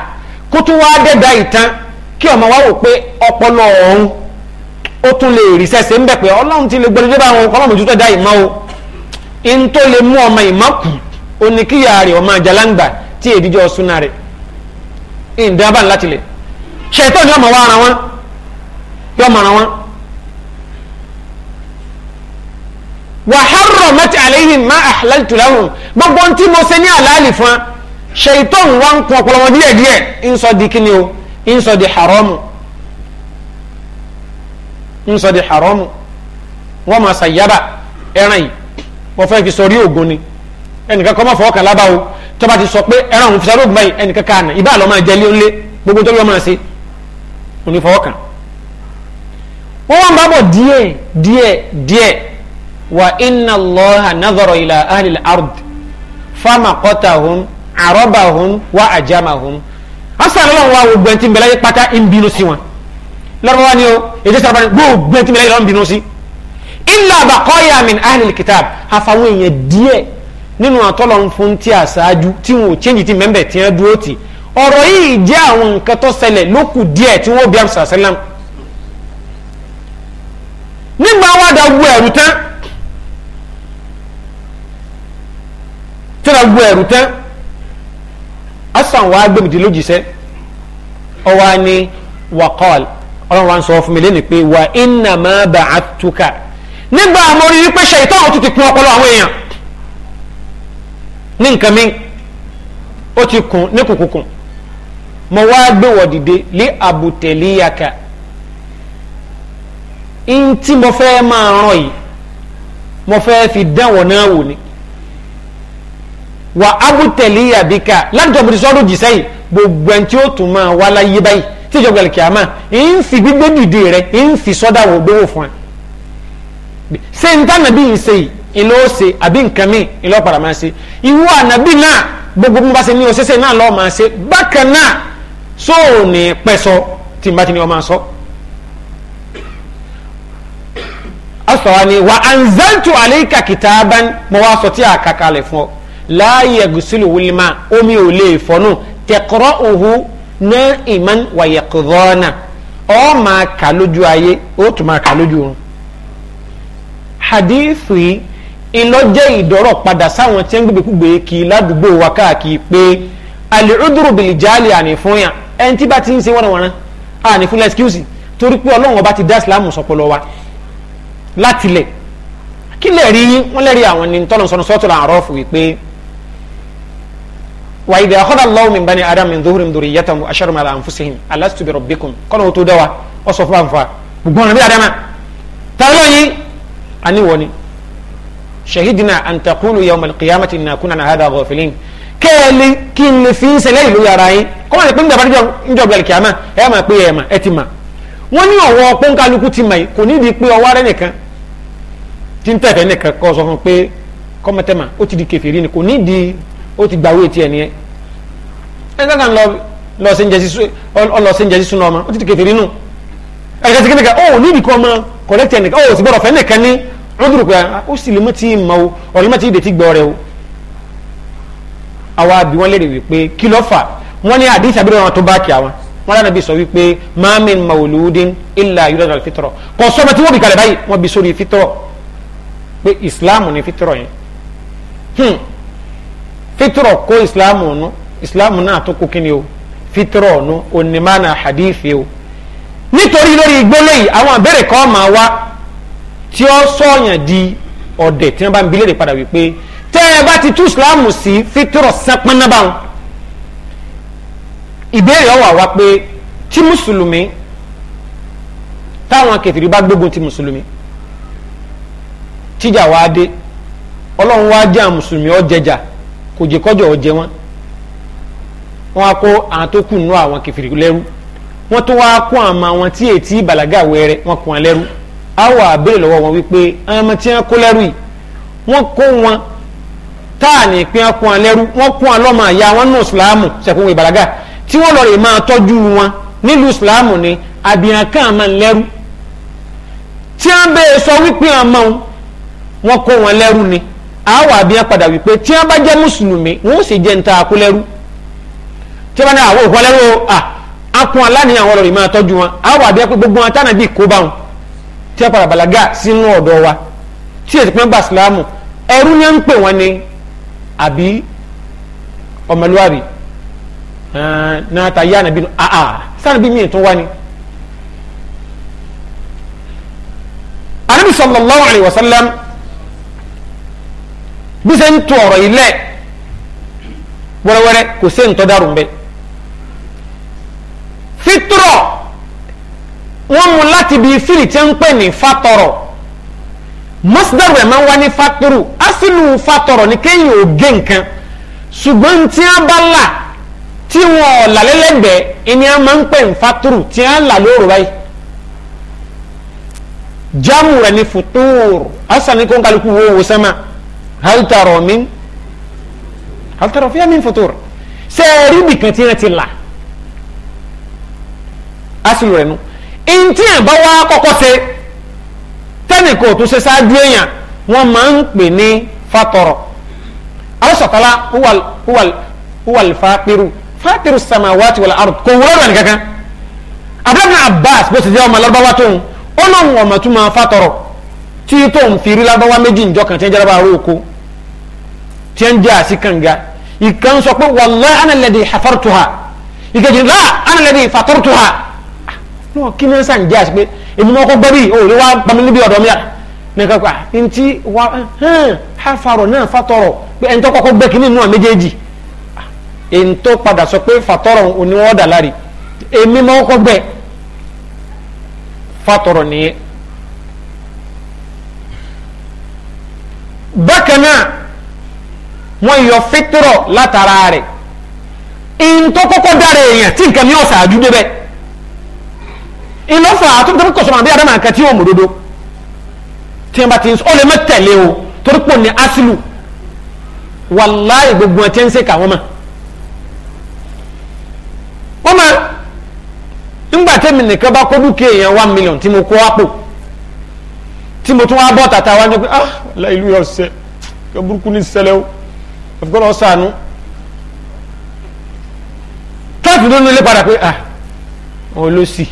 kó tún wá dẹ́dá ìtàn kí ọmọ wa wò pé ọpọlọ ọ̀hún ó tún lè rí sẹ́sẹ̀ ń bẹ̀ pé ọlọ́run ti lè gbọ́dọ̀ bá wọn ọlọ́run ojútọ́ dá ìmọ̀ o in tó lè mú ọmọ ìmọ̀ kù ó rẹ̀ ọmọ àjàlágbà tí èdíjọ́ súná rẹ̀ ìdábà ńlá tilẹ̀ ṣètò ni ọmọ wa ara wọn yọmọ ara wọn wa harramat alayhim ma ahlaltu lahum gbogbo ntí mo ṣe ní àlàálì fún wa ṣèyítọ́n wa ń kun ọ̀pọ̀lọpọ̀ wọn díẹ̀ díẹ̀ ń sọ di kíni o ń sọ di haramu ń sọ di haramu wọ́n máa ṣàyàbà ẹran yìí wọ́n fẹ́ fi sọrí ògùn ni ẹnìkan kọ́ máa fọwọ́ kan lábàá o tó bá ti sọ pé ẹran òun fi sọrí ògùn báyìí ẹnìkan kan àná ìbá àlọ́ máa lé gbogbo wá ń bábọ̀ díẹ̀ díẹ̀ díẹ̀ wa inna allaha nadhara ila ahli al-ard famaqatahum arabahum wa ajamahum asalọlọ wa wo gbẹnti mbẹlẹ pata n bínú sí wọn lọrọ wa ni o ètò sábà ní gbọ gbẹnti mbẹlẹ lọrọ n bínú sí illa baqaya min ahli al-kitab àfàwọn èèyàn díẹ̀ nínú àtọlọ fún tí a ṣáájú tí wọn ò chẹ́ǹjì tí mẹ́mbẹ̀ tí wọn dúró tì ọ̀rọ̀ yìí jẹ́ àwọn nǹkan tó ṣẹlẹ̀ lókù díẹ̀ tí wọ́n bí àmì sàṣẹ́lám nígbà wàdà wú ẹ̀rù tán tíra gbọ́ ẹ̀rù tán asan wa gbẹmìdì lójíṣẹ́ ọwọ́ ni wakọ́l ọlọ́run wa ń sọ fún mi lẹ́nu pé wà iná máa bá a túkà nígbà àmọ́rí wípé ṣe ìtọ́ àwọn ti kún ọpọlọ àwọn èèyàn ní nǹkan mi ó ti kún ní kùkùkùn mo wá gbé wọ̀ dìde lé àbùtẹ̀lẹ́yàkà ntí mo fẹ́ máa ràn yìí mo fẹ́ fi dán náà wò ni wà abutẹ̀lẹ̀ yàbíkà látọ̀bùrì sọ́dún jìṣẹ́ yìí gbogbo ẹni tí ó tún máa wá láyé báyìí tí ìjọba ìlẹ̀kẹ̀ àmà ń fi gbígbé dìde rẹ̀ ń fi sọ́dà wò gbówó fún ẹ. ṣé n tán nàbí ìṣe bi ìlọ ó ṣe àbí nǹkan míì ìlọ padà máa ṣe na ànàbí náà gbogbo bí wọn bá ṣe ní oṣooṣe náà lọ́ọ́ máa ṣe bákan náà sóòní pẹ́sọ tí n bá ti ní ọ máa sọ. So, ni wa anzaltu alayka kitaban mo wá sọ tí a kà kalẹ̀ láàyè gùsùlù wùlímà omi ò lè fọnù tẹkọrọ òhu ní ìmán wàyẹkọdọ́nà ọ máa kà lójú ayé ó tún máa kà lójú oorun. hadithu yìí ìlọ́jẹ́ ìdọ́rọ̀ padà sáwọn tí ń gbégbégbé kì í ládùúgbò wa káàkiri pé àlùdúró bìlìjáàlì àní fún yàn ẹni tí bá ti ń ṣe wọ́nàwọ́nà àní fún lẹ́skíùsì torí pé ọlọ́run ọba ti dá ìsìlámù sọpọlọ wa látilẹ̀ kí lè rí yín lè rí àwọn ní tọ́lọ̀ sọ́nù sọ́tò àárọ̀ fún wípé wa idha akhadha Allahu min bani adam min dhuhurim dhurriyyatahum wa asharahum ala anfusihim alastu bi rabbikum kọ́nà ó tó dá wa ó sọ fún wa nfa gbogbo ọ̀nà bí adama tààlọ́ yìí àní wọ́n ni shahidina an taqulu yawma al-qiyamati inna kunna an hadha ghafilin kẹ́ẹ̀lì kí n lè fi ń sẹlẹ̀ ìlú yàrá yín kọ́mọ̀ lè pín ní àbájọ ìjọba ìkìyàmá ẹ máa pé ẹ mà ẹ ti mà wọ́n ní ọ̀wọ́ pọ́ńkálukú ti mà yìí kò nídìí pé ọwọ́ rẹ nìkan tí ń tẹ̀fẹ́ nìkan kọ́ sọ fún pé kọ́mọtẹ́mà ó ti di kèfèrí ni kò nídìí ó ti gbàwé tiẹ̀ nìyẹn ẹni kankan lọ lọ sí njẹsí ọlọ sí njẹsí súnà ọmọ ó ti kẹfìrí nù ẹ̀ka ti kẹ́nìkan ó níbi kan ọmọ kọ̀rẹ́tì ẹnìkan ó sì bọ̀rọ̀ fẹ́ nìkan ní ọdún rẹ̀ ah, ó sì lè mọ́ ma o ọ̀rẹ́ mọ́ tí ìdè ti gbọ́ rẹ o. àwa bí wọ́n lè rè wípé kí ló fà wọ́n ní àdìsí abẹ́rẹ́ wọn tó bá kí àwọn wọn lánàá bí sọ wípé ma min mawludin illa yuradu al fitra kò sọ́mọ tí wọ́n bì kalẹ̀ báyìí wọ́n bí sórí fitra pé ìsìláàmù ni fitra yẹn hmm fitrọ kó Islamu, nu ìsìláàmù náà tó kó kíni o fitrọ nu onímọ̀nà hadithi o nítorí lórí gbólé yìí àwọn àbẹ̀rẹ̀ kan máa wá tí ó sọ̀yàn di ọ̀dẹ̀ tí wọ́n bá ń bilẹ̀ padà wípé tẹ́ ẹ bá ti tú ìsìláàmù sí fitrọ sápẹ́nà báwọn ìbéèrè ọ̀wà wá pé tí mùsùlùmí táwọn kẹfìrí bá gbógun ti mùsùlùmí tíjà wá dé ọlọ́run wá jẹ́ àwọn mùsùlùmí ó kò jẹ́ kọ́jọ́ ọ̀jẹ̀ wọn wọn á kó àwọn tó kù nù àwọn kẹfìrí lẹ́rú wọn tó wáá kó àwọn àwọn tí ètí bàlágà wẹrẹ wọn kó wọn lẹ́rú á wà abéèrè lọ́wọ́ wọn wípé àwọn ọmọ tí wọn kó lẹ́rú yìí wọn kó wọn táà ní pín wọn kó wọn lẹ́rú wọn kó wọn lọ́mọ àyà wọn nù sùlámù sẹ̀kún wọn ìbàlágà tí wọn lọ rè máa tọ́jú wọn nílùú sùlámù ni àbíyàn kan máa ń lẹ́rú tí wọn bẹ́ẹ̀ sọ wípé àwọn wọn kó wọn lẹ́rú ni àwọn àbíyàn padà wípé tí wọ́n bá jẹ́ mùsùlùmí wọ́n sì jẹ́ nta akúlẹ́rú tí wọ́n bá ní àwọn òkúlẹ́rú à akun aláníyàn wọn lọ́rọ̀ ìmọ̀ tọ́jú wọn àwọn àbíyàn pé gbogbo wọn tánà bíi kó bá wọn tí wọ́n padà bàlágà sínú ọ̀dọ̀ wa tí èsì pé gbà sílámù ẹrú ni ń pè wọn ni àbí ọmọlúwàbí náà ta yá nàbí àà sànàbí mi tún wá ni. anabi sallallahu alayhi wa sallam bí ṣe ń tu ọ̀rọ̀ yìí lẹ̀ wẹ́rẹ́wẹ́rẹ́ kò sí ntọ́dárù ń bẹ. fitrọ wọn mú láti bí fílì tí ń pè ní fatọrọ masdaru ẹ̀ máa ń wá ní faturu asinu fatọrọ ni kéèyàn ò gé nǹkan ṣùgbọ́n tí wọ́n bá là tí wọ́n là lẹ́lẹ́gbẹ̀ẹ́ ẹni a máa ń pè ní faturu tí wọ́n là lóru báyìí jamu rẹ̀ ni futuur asan ń kálukú wo wò sẹ́mà hal tara min hal tara fiha min futur ṣé ẹ rí ibìkan tí wọ́n ti là asùlù rẹ̀ nu ntí ẹ̀ bá wá kọ́kọ́ ṣe tẹ́nìkan ò tún ṣe ṣáájú èèyàn wọ́n máa ń pè ní fatọ̀rọ̀ alásọ̀tàlá huwal huwal huwal fàtírù fàtírù samawati wal ard kò wúlò rẹ̀ nìkankan abdulhamid abbas bó ti jẹ́ ọmọ alárúbáwá tóun ó lóun ọmọ tún máa fatọ̀rọ̀ tí tó ń fi rí lábáwá méjì níjọ kan tí ń jaraba aró oko tí ń jẹ́ àsìkànga ìkan sọ pé wàllá analẹ́dẹ̀ hafartuha ìkejì lá analẹ́dẹ̀ fatartuha náà kí ni ẹ sàn jẹ́ àsìkò pé èmi náà kó gbẹ́rì òòlù wa pamẹ́ níbi ọ̀dọ́ mi à nìkan pa ntí wa hàn hafarọ̀ náà fatọ̀rọ̀ pé ẹni tó kọ́kọ́ gbẹ́ kínní nù méjèèjì ẹni padà sọ pé fatọ̀rọ̀ oníwọ́dà lárí èmi máa kọ́ gbẹ́ fatọ̀rọ̀ nìyẹn bákan náà wọ́n yọ fitrọ̀ látara rẹ̀ ìntọ́ kọ́kọ́ dára èèyàn tí nǹkan ní ọ̀sà àjú débẹ̀ ìlọ́fà àtúntò kọ̀sọ̀mọ̀ àbí àdámà nǹkan tí yóò mú tí wọ́n bá ti ń sọ ọ lè má tẹ̀lé o torí pò ní asilu wàláì gbogbo ẹ̀ tí ń ṣe kà wọ́n mọ̀ wọ́n mọ̀ ńgbà tẹ́mi nìkan bá kó dúkìá èèyàn one million tí mo kó àpò tí mo tún wá bọ́ tàtà wá ń jẹ́ pé ah la ìlú yọ ṣe kí burúkú ní ṣẹlẹ̀ o ẹ̀fọ́ lọ sànú táàpù tó ń lé padà pé ah òun ló sì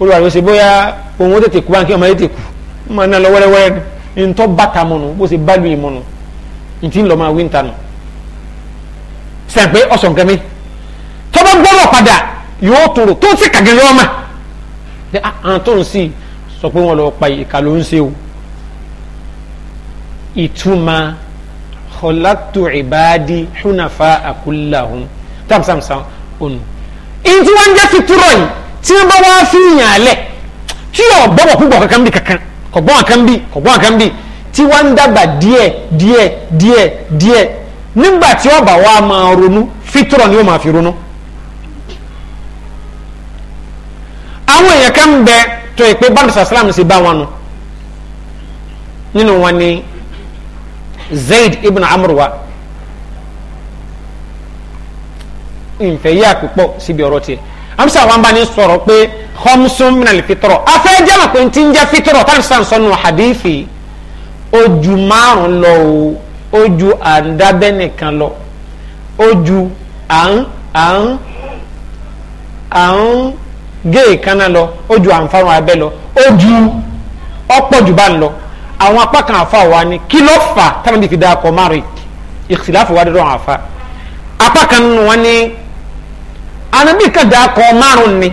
olùwàrí ó ṣe bóyá òun ó tètè kú báńkì ọmọ yẹn tètè kú ó máa ná lọ wẹ́rẹ́wẹ́rẹ́ ni ntọ́ bàtà mọ̀nù bó ṣe bá lu ìmọ̀nù ntí ń lọ máa wí ń tanù sẹ́ǹpé ọ̀sán kẹ́mi tọ́ba gbọ́dọ̀ padà yóò tòrò tó ah, ń sì kàgẹ́ yọ́ ọ́ sọ pé wọn lọ pa ìka ló ń ṣe o ìtumọ̀ khalaqtu ibadi hunafa'a kullahum tamsamsam onu. ìtú wọn jẹ́ fitrọ̀ yìí tí wọ́n bá wá fi yàn án lẹ̀ kí ọ̀ kankan bí kankan kọ̀bọ́n kankan bí kọ̀bọ́n kankan bí tí wọ́n dàgbà díẹ̀ díẹ̀ díẹ̀ díẹ̀ nígbà tí wọ́n bá wá máa ronú fitrọ̀ ni wọ́n máa fi ronú. àwọn èèyàn kan bẹ́ẹ̀ tó yẹ pé bánisà sàlámù sì bá wọn nù nínú wọn ni Zaid ibn Amurwa nfẹ yí àpòpọ̀ síbi ọ̀rọ̀ tiẹ̀ amusa wa bá ní sọ̀rọ̀ pé khamsun minal fitrọ afẹ́ jẹ́mà pé ntí ń jẹ́ fitrọ táwọn sàn sọnù hadithi ojú márùn lọ o ojú àndábẹ́nìkan lọ ojú à ń à ń à ń géè kaná lọ ó ju àǹfààní abẹ́ lọ ó ju ọ̀pọ̀ jù bá ń lọ àwọn apá kan àfa wa ni kí ló fà táwọn ibi fi da akọ márùn ìsìláfù wa dúró àwọn afa apá kan nínú wọn ni anabi kan da akọ márùn ni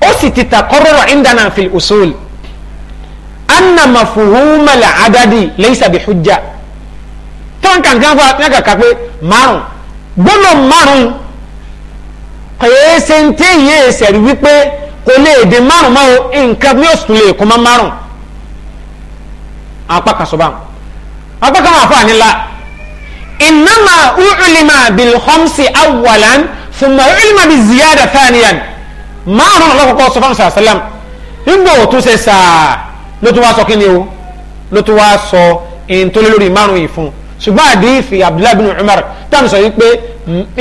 ó sì ti ta kọ́rọ́rọ́ indana fil usul anna mafuhuma adadi laysa bi hujja tán kankan fún akẹ́kọ̀ọ́ pé márùn gbọ́dọ̀ márùn kọ̀yẹ́ ṣe ń tí ìyẹ́ ìṣẹ̀rí wípé kò lè dé márùn márùn nǹkan ní oṣù lè kọ́ mọ́ márùn apá kan sọ báwọn apá kan wà fún àníla innama u'lima bil khamsi awwalan thumma u'lima bi ziyada thaniyan márùn ọlọ́kọ̀ọ́kọ́ sọ fún sàlám nígbà òtún ṣe sàá ló tún wá sọ kí ni o ló tún wá sọ èyí lórí márùn yìí fún ṣùgbọ́n àdéhìfì abdullahi bin umar táwọn sọ yìí pé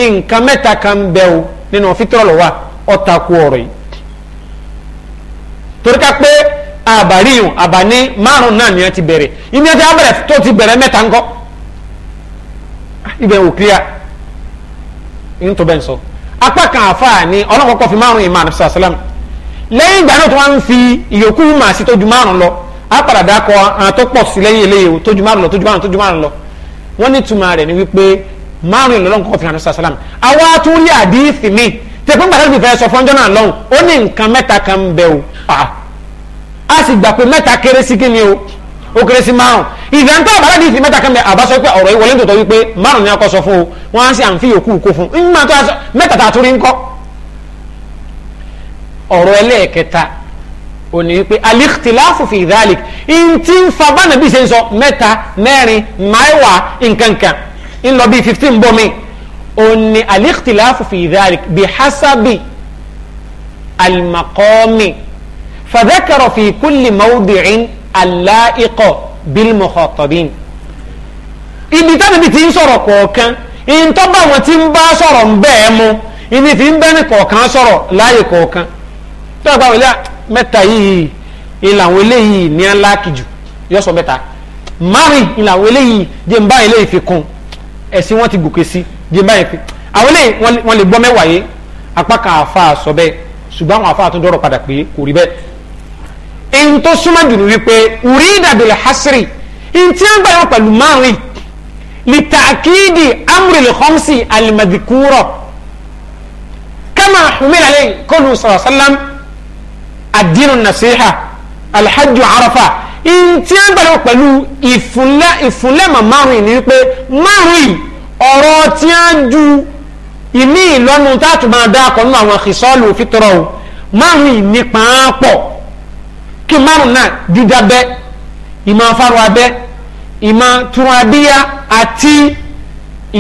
nǹkan mẹ́ta kan bẹ́ẹ̀ o nínú fítírọ̀ wa ọ̀tà kú ọ̀rọ̀ yìí torí ká pé àbáríyùn àbáni márùn náà ni ẹ ti bẹ̀rẹ̀ ìní ẹ ti abẹ̀rẹ̀ tó ti bẹ̀rẹ̀ mẹ́ta ńkọ́ ibẹ̀ ò kíá ń tó bẹ́ẹ̀ sọ apá kan àfáà ni ọlọ́kọ̀ọ́kọ́ fi márùn ìmọ̀ àdàbísà sálám lẹ́yìn ìgbà náà tó wá ń fi ìyókù mà sí tójú márùn lọ apàdàdà kọ àwọn tó pọ̀ sí lẹ́yìn eléyìí tójú márùn lọ tójú márùn tójú márùn lọ wọ́n ní túmọ̀ rẹ̀ ni wípé márùn ìlọlọ́n kọ́ fi hàn sàṣà sàlám àwa tún rí àdìsí mi tẹ̀pẹ́ gbàdá ti fẹ́ sọ fọ́njọ́ náà lọ́hùn ó ní nǹkan mẹ́ta kan ń bẹ o a sì gbà pé mẹ́ta kéré sí kí ni o ó kéré sí márùn ìgbà tó àbálẹ́ àdìsí mẹ́ta kan bẹ àbá sọ pé ọ̀rọ̀ yìí wọlé tòótọ́ wípé márùn ni a kọ́ sọ fún o wọ́n á sì à ń fi yòókù kó fún un mẹ́ta tá a tún ọ̀rọ̀ ẹlẹ́ẹ̀kẹta òní wípé alìkìtìláfù fi dhalik ntí ń fa bánàbí ṣe ń sọ mẹ́ta mẹ́rin máìwá nkankan ń lọ bíi fifteen bọ́ mi òní al-ikhtilafu fi dhalik bihasabi al-maqami fadhakara fi kulli mawdi'in al-la'iqa bil-mukhatabin. ibi táwọn ibi ti ń sọ̀rọ̀ kọ̀ọ̀kan ìtọ́gbà wọn ti ń bá sọ̀rọ̀ ń bẹ́ẹ̀ mu ibi ti ń bẹ́ẹ̀ ní kọ̀ọ̀kan sọ̀rọ̀ láàyè kọ̀ọ̀kan tó àgbà wọlé mẹ́ta yìí ìlànà eléyìí ní aláàkì jù yọ̀sọ̀ mẹ́ta márùn-ún ìlànà eléyìí jẹ́ ń bá eléyìí fi kún ẹ̀sìn wọn ti gòkè sí di báyìí pé àwọn eléyìí wọn lè gbọ́ mẹ́wàá yé apá kan àfa sọ bẹ́ẹ̀ ṣùgbọ́n àwọn àfa tó dọ̀rọ̀ padà pé kò rí bẹ́ẹ̀. èyí tó súnmọ́ jù ní wípé orí ìdàbẹ̀lẹ̀ hasiri ntí wọn gbàgbọ́ pẹ̀lú márùn lè tàkìdì amúrèlè khamsi alimadikuro kama humila lẹ́yìn kọ́nù sàlám àdínú nasiha alhajju arafa ntí a ń gbàdọ̀ pẹ̀lú ìfúnlẹ̀ ìfúnlẹ̀mọ̀ márùn ní wípé márùn yìí ọ̀rọ̀ tí a ń ju ìní ìlọ́nu táàtù máa dá akọ̀ nínú àwọn àkìsọ́ọ̀lù òfitọ́rọ̀ o márùn yìí ní pàápọ̀ kí márùn náà dídá bẹ́ ìmọ̀ afárò abẹ́ ìmọ̀ tún abíyá àti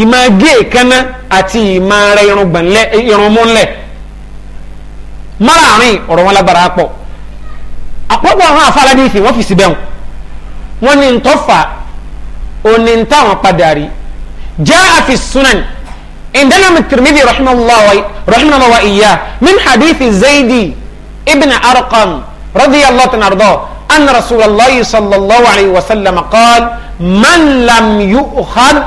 ìmọ̀ gé èkánná àti ìmọ̀ rẹ irun mú márùn-ún ọ̀rọ̀ wọn lágbára pọ̀ àpọ̀gbọ̀ àwọn afárádé ìsìn wọ́n fi sí bẹ́hùn wọ́n ní ntọ́fà òní ntáwọn padà rí jaa fi sunan عندنا من الترمذي رحمه الله رحمه الله وإياه من حديث زيد ابن أرقم رضي الله عنه أرضاه أن رسول الله صلى الله عليه وسلم قال من لم يؤخذ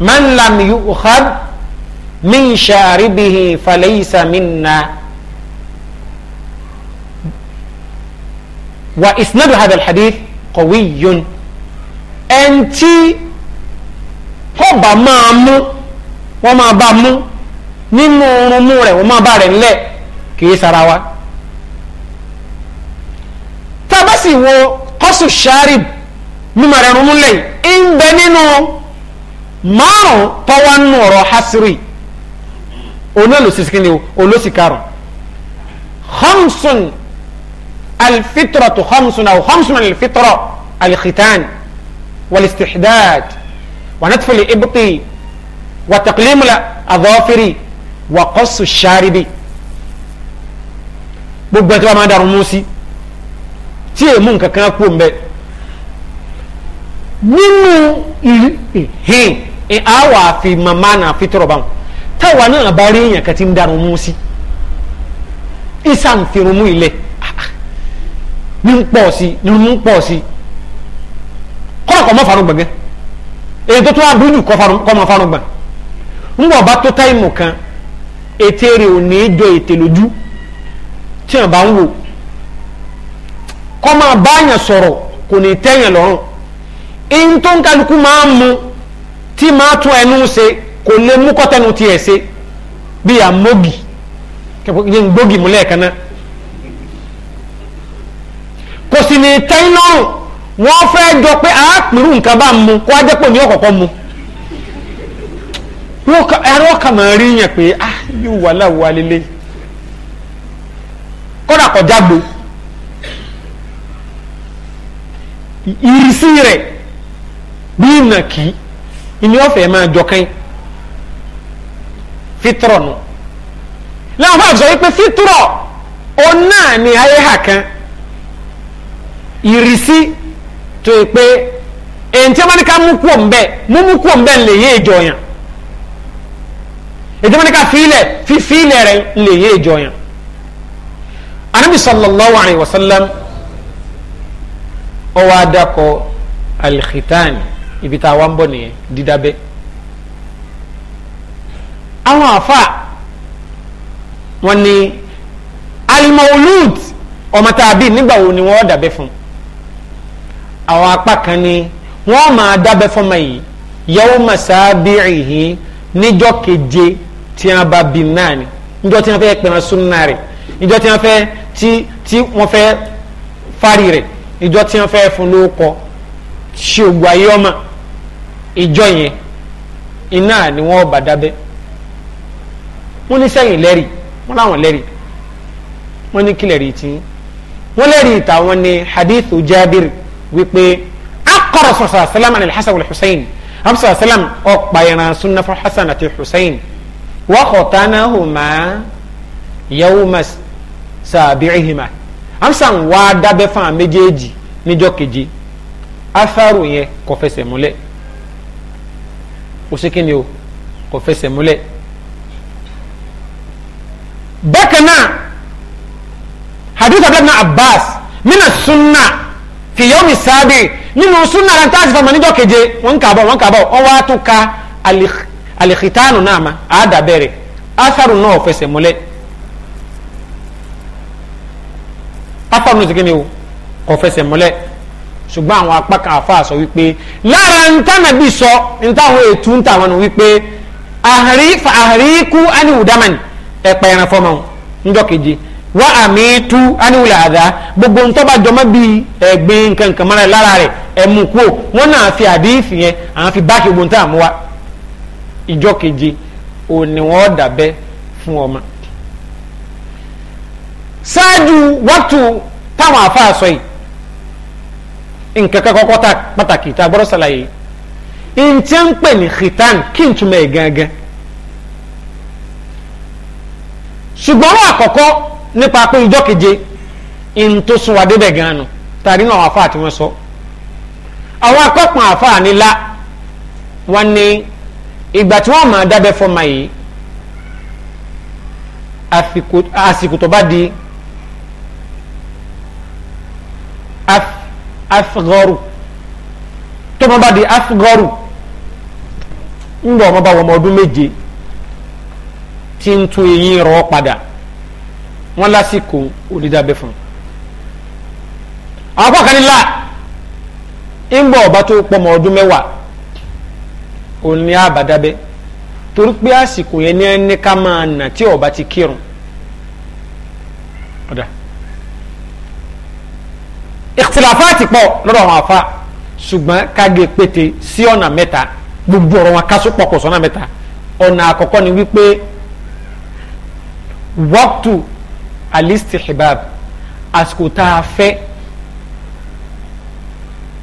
من لم يؤخذ من شاربه فليس منا wa isnadu hadha alhadith qawiyyun ẹn tí kọba máa mú wọn máa bá mú nínú oorun mú rẹ wọn máa bá rẹ ńlẹ̀ kìí sara wa tabasi wo kọsù sharib mímọ rẹ rún múlẹ̀ ń bẹ nínú márùn tọwọnù ọ̀rọ̀ hasiri olólùsísìkìnnì olóṣìkarùn hamsun. الفطرة خمس أو خمس من الفطرة الختان والاستحداد ونتف الإبط وتقليم الأظافر وقص الشارب gbogbo ẹtí wa máa darun mú sí tí èèmú nǹkan kan kú mbẹ nínú ìhìn àwọn àfi màmá náà fi tọrọ báwọn táwa náà bá rí èèyàn kan ti ń darun mú sí ìsàǹfìrún mú ilẹ̀ ní ń pọ̀ sí ní ń pọ̀ sí kọ́nà kọ́ mọ́ farun gbọ̀ngẹ́ èyí tó tó aburú jù kọ́ mọ́ farun gbọ̀n ń bọ̀ bá tó táìmù kan ètè rẹ̀ ò ní í jọ ètè lójú tí wọn bá ń wò kọ́ máa báyàn sọ̀rọ̀ kò ní tẹ́yàn lọ́rùn ẹni tó ń kálukú máa ń mu tí máa tún ẹnu ṣe kò lè mú kọ́tẹ́nu tiẹ̀ ṣe bí àmógì kẹ́kọ̀ọ́ yẹn gbógi mú lẹ́ẹ̀kan náà. kò sì ní tẹ́yìn wọ́n fẹ́ jọ pé a nǹkan bá mu kó a jẹ́ pé mu ẹ̀rọ ọkà máa rí pé yóò ah, wà láwùwá kọ́dà kọ́ jágbo ìrísí rẹ̀ bí ìní ọ̀fẹ́ máa fitrọ̀ nù fitrọ̀ náà ni ayé hà kan. ìrísí tó yẹ pé èyí tí wọ́n ní ká mú kú òǹbẹ mú mú kú òǹbẹ lè yé ìjọyàn èyí tí wọ́n ní ká fílẹ̀ fífílẹ̀ rẹ̀ lè yé ìjọyàn anabi sallallahu alayhi wa sallam ọwọ́ adakọ̀ alkhitan ibi tá a wá ń bọ̀ nìyẹn dídábẹ́ àwọn àfa wọn ni alimawulud ọmọ tàbí nígbà wo ni wọ́n dàbẹ́ fún un àwọn apá kan ni wọ́n máa dábẹ́ fọ́mọ yìí yẹ́wò màsáábìrì yìí níjọ́ keje tí wọ́n bá bí náà ni níjọ́ tí wọ́n fẹ́ pẹ̀rẹ̀ súnà rẹ̀ níjọ́ tí wọ́n fẹ́ tí tí wọ́n fẹ́ fárí rẹ̀ níjọ́ tí wọ́n fẹ́ fún lóko ṣe ògbà yìí ọmọ ìjọ yẹn iná ni wọ́n bá dábẹ́ wọ́n ní sẹ́yìn lẹ́rìí wọ́n láwọn lẹ́rìí wọ́n ní kílẹ̀ tí wọ́n lẹ́rìí tàwọn ní hadithu Jabir wípé akọrọ sọsọ asalam anil hasan wal hussein hamsa asalam ọ̀pá ìran sunna fún hasan àti hussein wa khatanahuma yawma sabi'ihima hamsa ń wá dábẹ́ fún àwọn méjèèjì níjọ́ keje atharu yẹn kò fẹsẹ̀ múlẹ̀ o ṣe ni o kò fẹsẹ̀ múlẹ̀ bákan náà hadith abdulhamid abbas mina sunna fìyọ́mì sábẹ̀ nínú súnà rẹ̀ táàsì fama níjọ́ keje wọ́n kà bọ̀ wọ́n kà bọ̀ ọ wá tún ka alìkìtánù náà ma àádà bẹ̀rẹ̀ asaru náà fẹsẹ̀ múlẹ̀ asaru náà ti kíni o kò fẹsẹ̀ múlẹ̀ ṣùgbọ́n àwọn apá kan àfa sọ wípé lára ntànàbí sọ ntàwọn ètú ntàwọn nù wípé ahari fa ahari kú ánìwùdámẹ́ni fọmọ́ níjọ́ keje wa àmì tú áníwìlà àdá gbogbo ń tọ́ba bi bíi ẹ̀gbin nǹkan kan mọ́ra lára rẹ̀ ẹ̀mú kú ò wọ́n náà fi àdífì yẹn àwọn fi báàkì gbogbo ń tà mú wa ìjọ keje òní wọn dàbẹ́ fún ọmọ. ṣáájú wàtú táwọn àfáà sọ yìí nǹkan kan ta pàtàkì tá a gbọ́dọ̀ ṣàlàyé ntí ń pè ní kí n túmọ̀ ẹ̀ gángan ṣùgbọ́n àkọ́kọ́ nípa pé ìjọ keje in tó sún wa débẹ̀ gan nu tàbí náà àwọn afa àti wọn sọ àwọn akọ́pọ̀n afa ni la wọn ni ìgbà tí wọn máa dábẹ́ fọmọ yìí àsìkò tó bá di afgọrù tó bá di afgọrù ń bọ̀ ọmọ bá wọn ọdún méje tí ń tún eyín rọ padà wọn lásìkò onídàbẹ fún un àwọn kan nílá ń bọ̀ ọba tó pọmọ ọdún mẹ́wàá òun ni àbádábẹ́ torí pé àsìkò yẹn ní ẹni ká máa nà tí ọba ti kírun ọ̀dà ìtìláfà ti pọ̀ lọ́dọ̀ àwọn àfa ṣùgbọ́n káge pété sí ọ̀nà mẹ́ta gbogbo ọ̀rọ̀ wọn kásù pọ̀ kò sọ́nà mẹ́ta ọ̀nà àkọ́kọ́ ni wípé wọ́ọ̀tù alistihbab àsìkò tá a fẹ́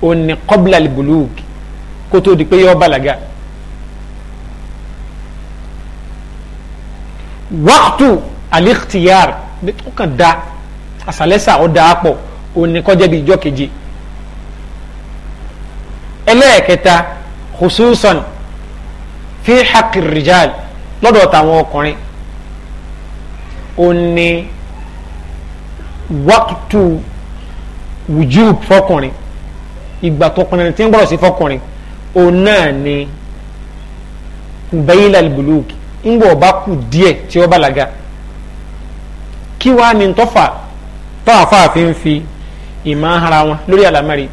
òní qabla al-bulug kó tó di pé yọ balaga wàtú alikhtiyar ó kàn da àsàlẹ́sà ó da á pọ̀ òní kọjá bíi ijọ́ keje ẹlẹ́ẹ̀kẹta khususan fi haqqi rijal lọ́dọ̀ tàwọn ọkùnrin òní wákìtù wùjúb fọkùnrin ìgbà tó pinnu tí ń gbọ́dọ̀ sí fọkùnrin òun ni kùbẹ́yìlá ìbùlùkì ńgbà ọba kù díẹ̀ tí ó bàlágà kí wàá ní tọ́fà tọ́fà àfin fi ìmọ̀ ara wọn lórí àlámẹ́rin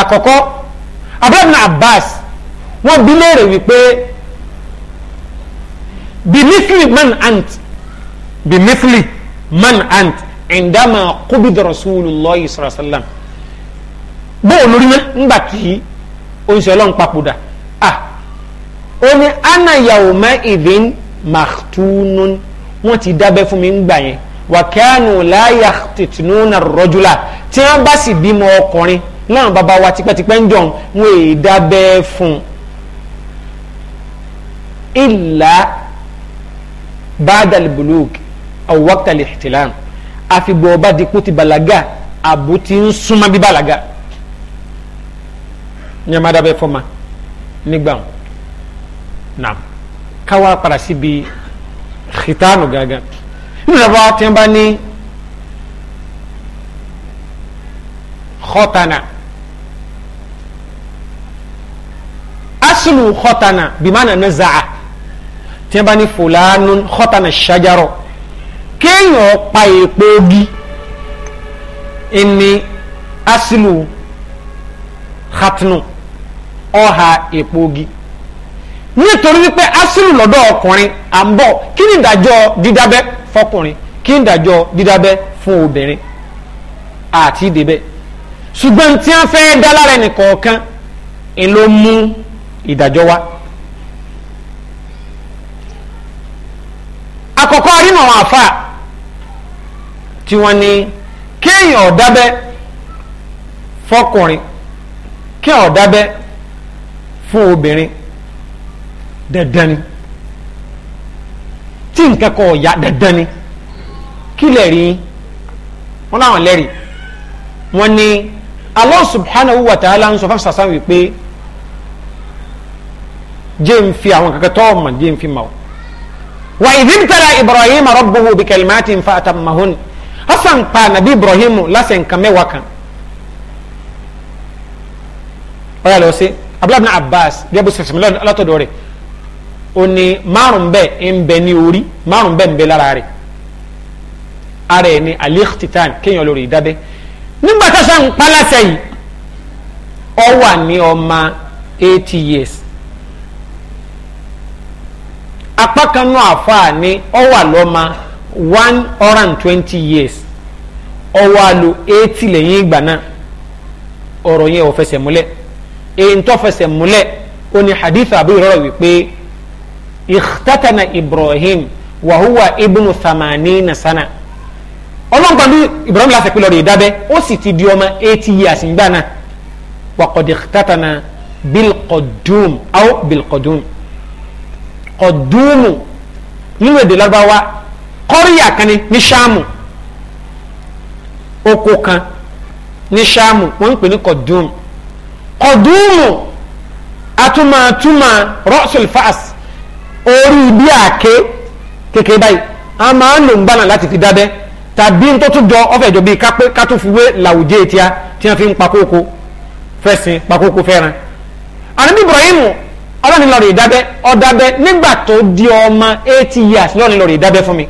àkọ́kọ́ abúlé abbas wọ́n bi léèrè wípé bimifli man ant bimifli man ant indama kubid rasulillah sallam bóò lórí náà ńgbà tí oṣù ọlọ́run papòdà ah ó ní ana yawma idin maktunun wọ́n ti dábẹ́ fún mi ńgbà yẹn wàkẹ́ànù láyà tìtìnúnà rọ́júlà tí wọ́n bá sì bímọ ọkùnrin náà bàbá wa tipẹ́tipẹ́ ń jọun wọn èè dábẹ́ fún un ìlà bàdàlbùlùk aw waqta al-ihtilam àfi bọ̀ ọba di kó ti balaga àbò ti ń súnmọ́ bí balaga nyamada bẹ fọma nígbà wọn naam káwa padà síbi xitaanu gàgà nínú àbá tí wọn bá ní xɔtana asulu xɔtana bimana naza'a tí wọn bá ní fulanu xɔtana kéèyàn pa èèpo ogi ìní asilu hatinu ọha èèpo ogi nítorí wípé asilu lọ́dọ̀ ọkùnrin à ń bọ̀ kí ni ìdájọ́ dídábẹ́ fọkùnrin kí ni ìdájọ́ dídábẹ́ fún obìnrin àti ìdèbẹ́ ṣùgbọ́n tí wọ́n fẹ́ dá lára ẹnìkọ̀ọ̀kan ń ló mú ìdájọ́ wá. àkọ́kọ́ arínà àwọn àfáà tí wọ́n ní kéèyàn ọ̀dábẹ́ fọkùnrin kéèyàn ọ̀dábẹ́ fún obìnrin dandan ni tí nǹkan kan ọ̀yà dandan ni kí lẹ́rìí wọn láwọn lẹ́rìí wọn ní Allah subhanahu wa ta'ala ń sọ fún sàṣà wípé jẹ́ fi àwọn kankan tọ́ ọmọ jẹ́ fi mọ̀ wà ìdí ń tẹ̀lé Ibrahim rabbuhu bi kalimatin asan pa nabi ibrahim lásẹ̀ nǹkan mẹ́wàá kan ọ̀rọ̀ àlọ́ sí abdullahi bin abbas bí abu sèfèsè mi látọ̀dọ̀ rẹ̀ ó ní márùn bẹ́ẹ̀ ń bẹ ní orí márùn bẹ́ẹ̀ ń bẹ lára rẹ̀ ara ẹ̀ ní alikhtitan kéèyàn nígbà tó sàn pa yìí ọ wà ní ọmọ eighty years apá kan náà àfa ni ọ wà lọ́mọ one hundred and twenty years ọwọ́ àlò eighty lẹ́yìn ìgbà náà ọ̀rọ̀ yẹn ò fẹsẹ̀ múlẹ̀ èyí tó fẹsẹ̀ múlẹ̀ ó ní hadith Abu Hurairah wípé ikhtatana Ibrahim wa huwa ibnu thamanina sana ọlọ́run kan Ibrahim lásìkò lọ́ọ́ rè dábẹ́ ó sì ti di ọmọ eighty years ìgbà náà wa qad ikhtatana bilqodum aw bilqodum qodum nínú èdè wa kọ́ríyà kan ni ní ṣáàmù oko kan ní ṣáàmù wọ́n ń pè ní kọ̀dúùmù kọ̀dúùmù atúmọ̀túmọ̀ rọ́ṣùl fàás orí bí àké kékeré báyìí a máa ń lò ń gbànà láti fi dábẹ́ tàbí n tó tún jọ ọfẹ ìjọ bíi kápẹ́ làwùjẹ tíá tí wọ́n fi ń pakóko fẹsìn pakóko fẹ́ràn ànábì Ibrahim ọlọ́ni lọ́ọ̀rì ìdábẹ́ ọ̀dábẹ́ nígbà tó di ọmọ eighty years lọ́ọ̀ni lọ́ọ̀rì ìdábẹ́ fún mi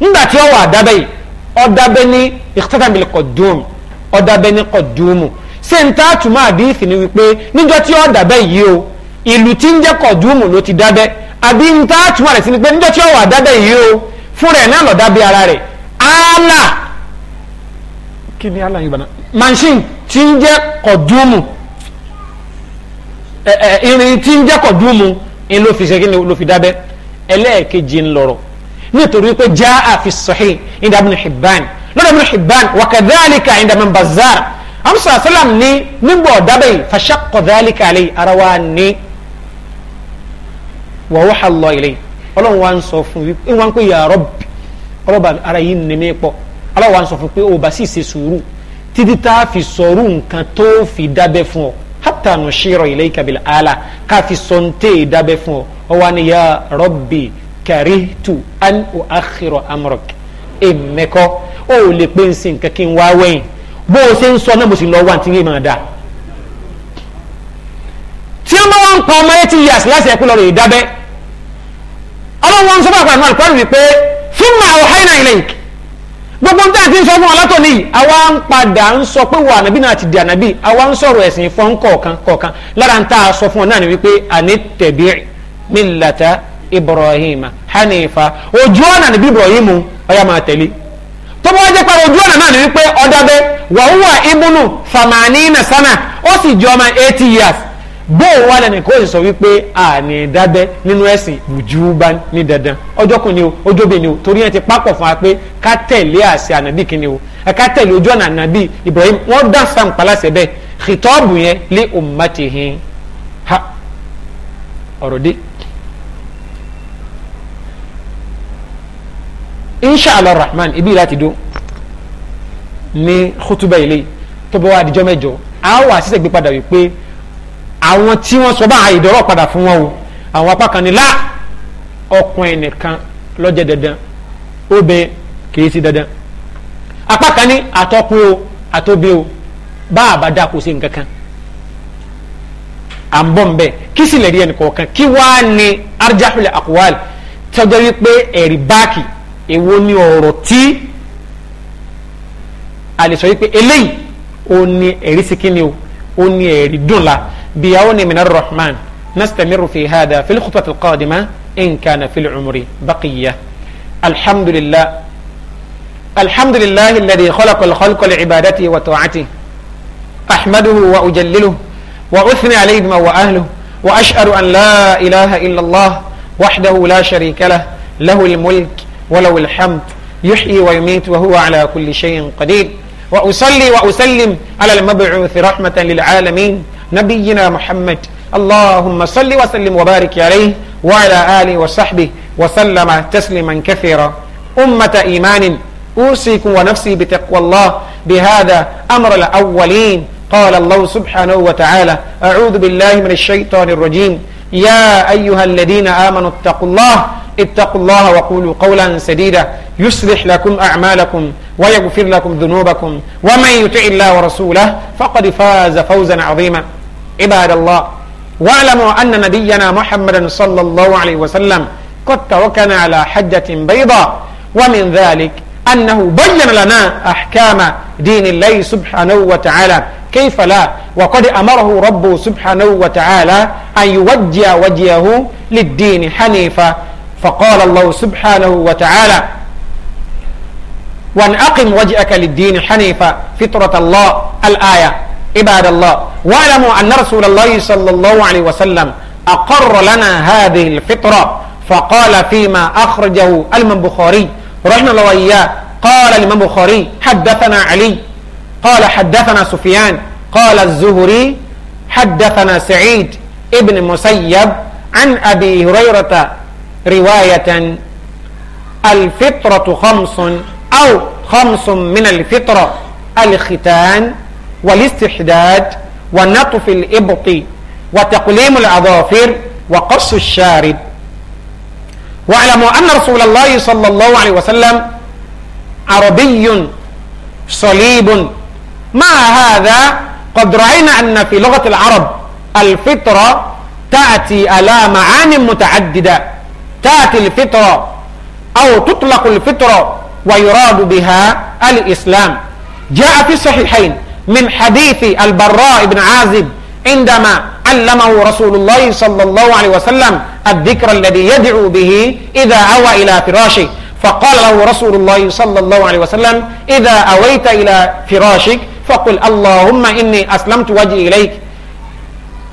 nígbà tí ó wà dábẹ́ yìí ọ̀dábẹ́ ní ìkítàtàbílì kọ̀dúnmù ọ̀dábẹ́ ní kọ̀dúnmù ṣé n ta tùmọ̀ àdìsí ni wípé níjọ́ tí ó dábẹ́ yìí o ìlú tí ń jẹ́ kọ̀dúnmù ló ti dábẹ́ àbí n ta tùmọ̀ rẹ̀ ni pé níjọ́ tí ó wà dábẹ́ yìí o fún rẹ̀ náà lọ dábẹ́ ara rẹ̀ ala kí ni ala yìí bana machine tí ń jẹ́ kọ̀dúnmù irin tí ń jẹ́ kọ̀dúnmù ni ló fi ṣe kí ni ló fi dábẹ́ ẹlẹ́ẹ̀kejì ńlọrọ̀ nítorí pé jaa fi sahih inda ibn hibban lọ́dọ̀ ibn hibban wa kadhalika inda man bazzar amsa salam ní nígbà ọ̀dábẹ́ fashaqqa dhalika alayhi ara wa ní wa waha Allah ilayhi ọlọ́run wa ń sọ fún wípé wọ́n ń pè ya Rabbi ọlọ́ba ara yìí ní mi pọ̀ ọlọ́run wa ń sọ fún pé o sì ṣe sùúrù títí tá a fi sọ̀rù nǹkan tó fi dábẹ́ fún ọ hatta nushira ilayka bil ala ká fi sọ̀ntẹ́ dábẹ́ fún ọ ọ wa ni ya Rabbi karihtu an o akhiro amrok emekọ o ò lè pe nsìn kankan wá wẹ̀yìn bó o ṣe ń sọ náà mo sì lọ wá àti yín máa dà tí wọ́n bá wọn pa ọmọ eighty years láti ẹ̀kú lọ́rọ̀ ìdábẹ́ ọlọ́run wọn sọ fún àpàtàn àlùkò rẹ̀ pé fún mi àwọn haina ilayk gbogbo ń tẹ́lẹ̀ tí ń sọ fún ọlọ́tọ̀ nìyí àwa ń padà ń sọ pé wà ànábì náà ti di ànábì àwa ń sọ̀rọ̀ ẹ̀sìn fún kọ̀ọ̀kan kọ̀ọ̀kan lára ń tà sọ fún ọ náà ni wípé àní tẹ̀bí millata ibrahim hanifa ojú ọ̀nà níbi ibrahim ọ̀yà máa tẹ̀lé tó bá jẹ́ pé ojú ọ̀nà náà ní wípé ọ̀dàbẹ́ wàhùwà ibùnú famanina sana ó sì jẹ́ ọmọ eighty years bóò wà lẹ́nu kó o sì sọ wípé àní dábẹ́ nínú ẹ̀sìn bùjúbá ní dandan ọjọ́ kan ni o ọjọ́ bẹ́ẹ̀ ni o torí ẹ̀ ti pápọ̀ fún wa pé ká tẹ̀lé àṣẹ ànábì kí o ẹ̀ ká tẹ̀lé ojú ọ̀nà ànábì ibrahim wọ́n dá sam palasẹ̀ bẹ́ẹ̀ kìtọ́ọ̀bù yẹn lé ummatihin ha ọ̀rọ̀ dé inshallah rahman ibi láti dó ní kútúbà ilé tó bá wà àdìjọ́ mẹ́jọ a wà sísẹ̀ gbé padà wípé àwọn tí wọ́n sọ báà ìdọ́rọ̀ padà fún wọn o àwọn apá kan ní lá ọkùnrin nìkan lọ́jẹ́ dandan obìnrin kìí sí dandan apá kan ní àtọkùn o àtọbí o bá a bá dáko sí nǹkan kan à ń bọ̀ ń bẹ̀ kí sì lè rí ẹnì kọ̀ọ̀kan kí wàá ní arjahul aqwal èwo ni ọ̀rọ̀ tí a lè sọ yìí pé eléyìí ó ní ẹ̀rí eleyi o ó ní ẹ̀rí dùn la bíyàwó ni minna rahman nastamiru fi hada fil khutbati alqadima in kana fil umri baqiya alhamdulillah alhamdulillah alladhi khalaqa alkhalqa li'ibadatihi wa ta'atihi ahmadu wa ujalliluhu wa uthni alayhi ma wa ahluhu وأشهد أن لا إله إلا الله وحده لا شريك له له الملك وله الحمد يحيي ويميت وهو على كل شيء قدير وأصلي وأسلم على المبعوث رحمة للعالمين نبينا محمد اللهم صل وسلم وبارك عليه وعلى آله وصحبه وسلم تسليما كثيرا أمة إيمان أوصيكم ونفسي بتقوى الله بهذا أمر الأولين قال الله سبحانه وتعالى أعوذ بالله من الشيطان الرجيم يا أيها الذين آمنوا اتقوا الله اتقوا الله وقولوا قولا سديدا يصلح لكم أعمالكم ويغفر لكم ذنوبكم ومن يطع الله ورسوله فقد فاز فوزا عظيما عباد الله واعلموا أن نبينا محمدا صلى الله عليه وسلم قد توكل على حجة بيضاء ومن ذلك أنه بين لنا أحكام دين الله سبحانه وتعالى كيف لا وقد أمره ربه سبحانه وتعالى أن يوجه وجهه للدين حنيفا فقال الله سبحانه وتعالى وأن أقم وجهك للدين حنيفا فطرة الله الآية عباد الله واعلموا أن رسول الله صلى الله عليه وسلم أقر لنا هذه الفطرة فقال فيما أخرجه الإمام البخاري رحمه الله اياه قال الإمام البخاري حدثنا علي قال حدثنا سفيان قال الزهري حدثنا سعيد ابن مسيب عن أبي هريرة رواية الفطرة خمس أو خمس من الفطرة الختان والاستحداد ونطف الإبط وتقليم الأظافر وقص الشارب واعلموا أن رسول الله صلى الله عليه وسلم عربي صليب مع هذا قد رأينا أن في لغة العرب الفطرة تأتي على معان متعددة تأتي الفطرة أو تطلق الفطرة ويراد بها الإسلام جاء في الصحيحين من حديث البراء بن عازب عندما علمه رسول الله صلى الله عليه وسلم الذكر الذي يدعو به إذا أوى إلى فراشه فقال له رسول الله صلى الله عليه وسلم إذا أويت إلى فراشك فقل اللهم إني أسلمت وجهي إليك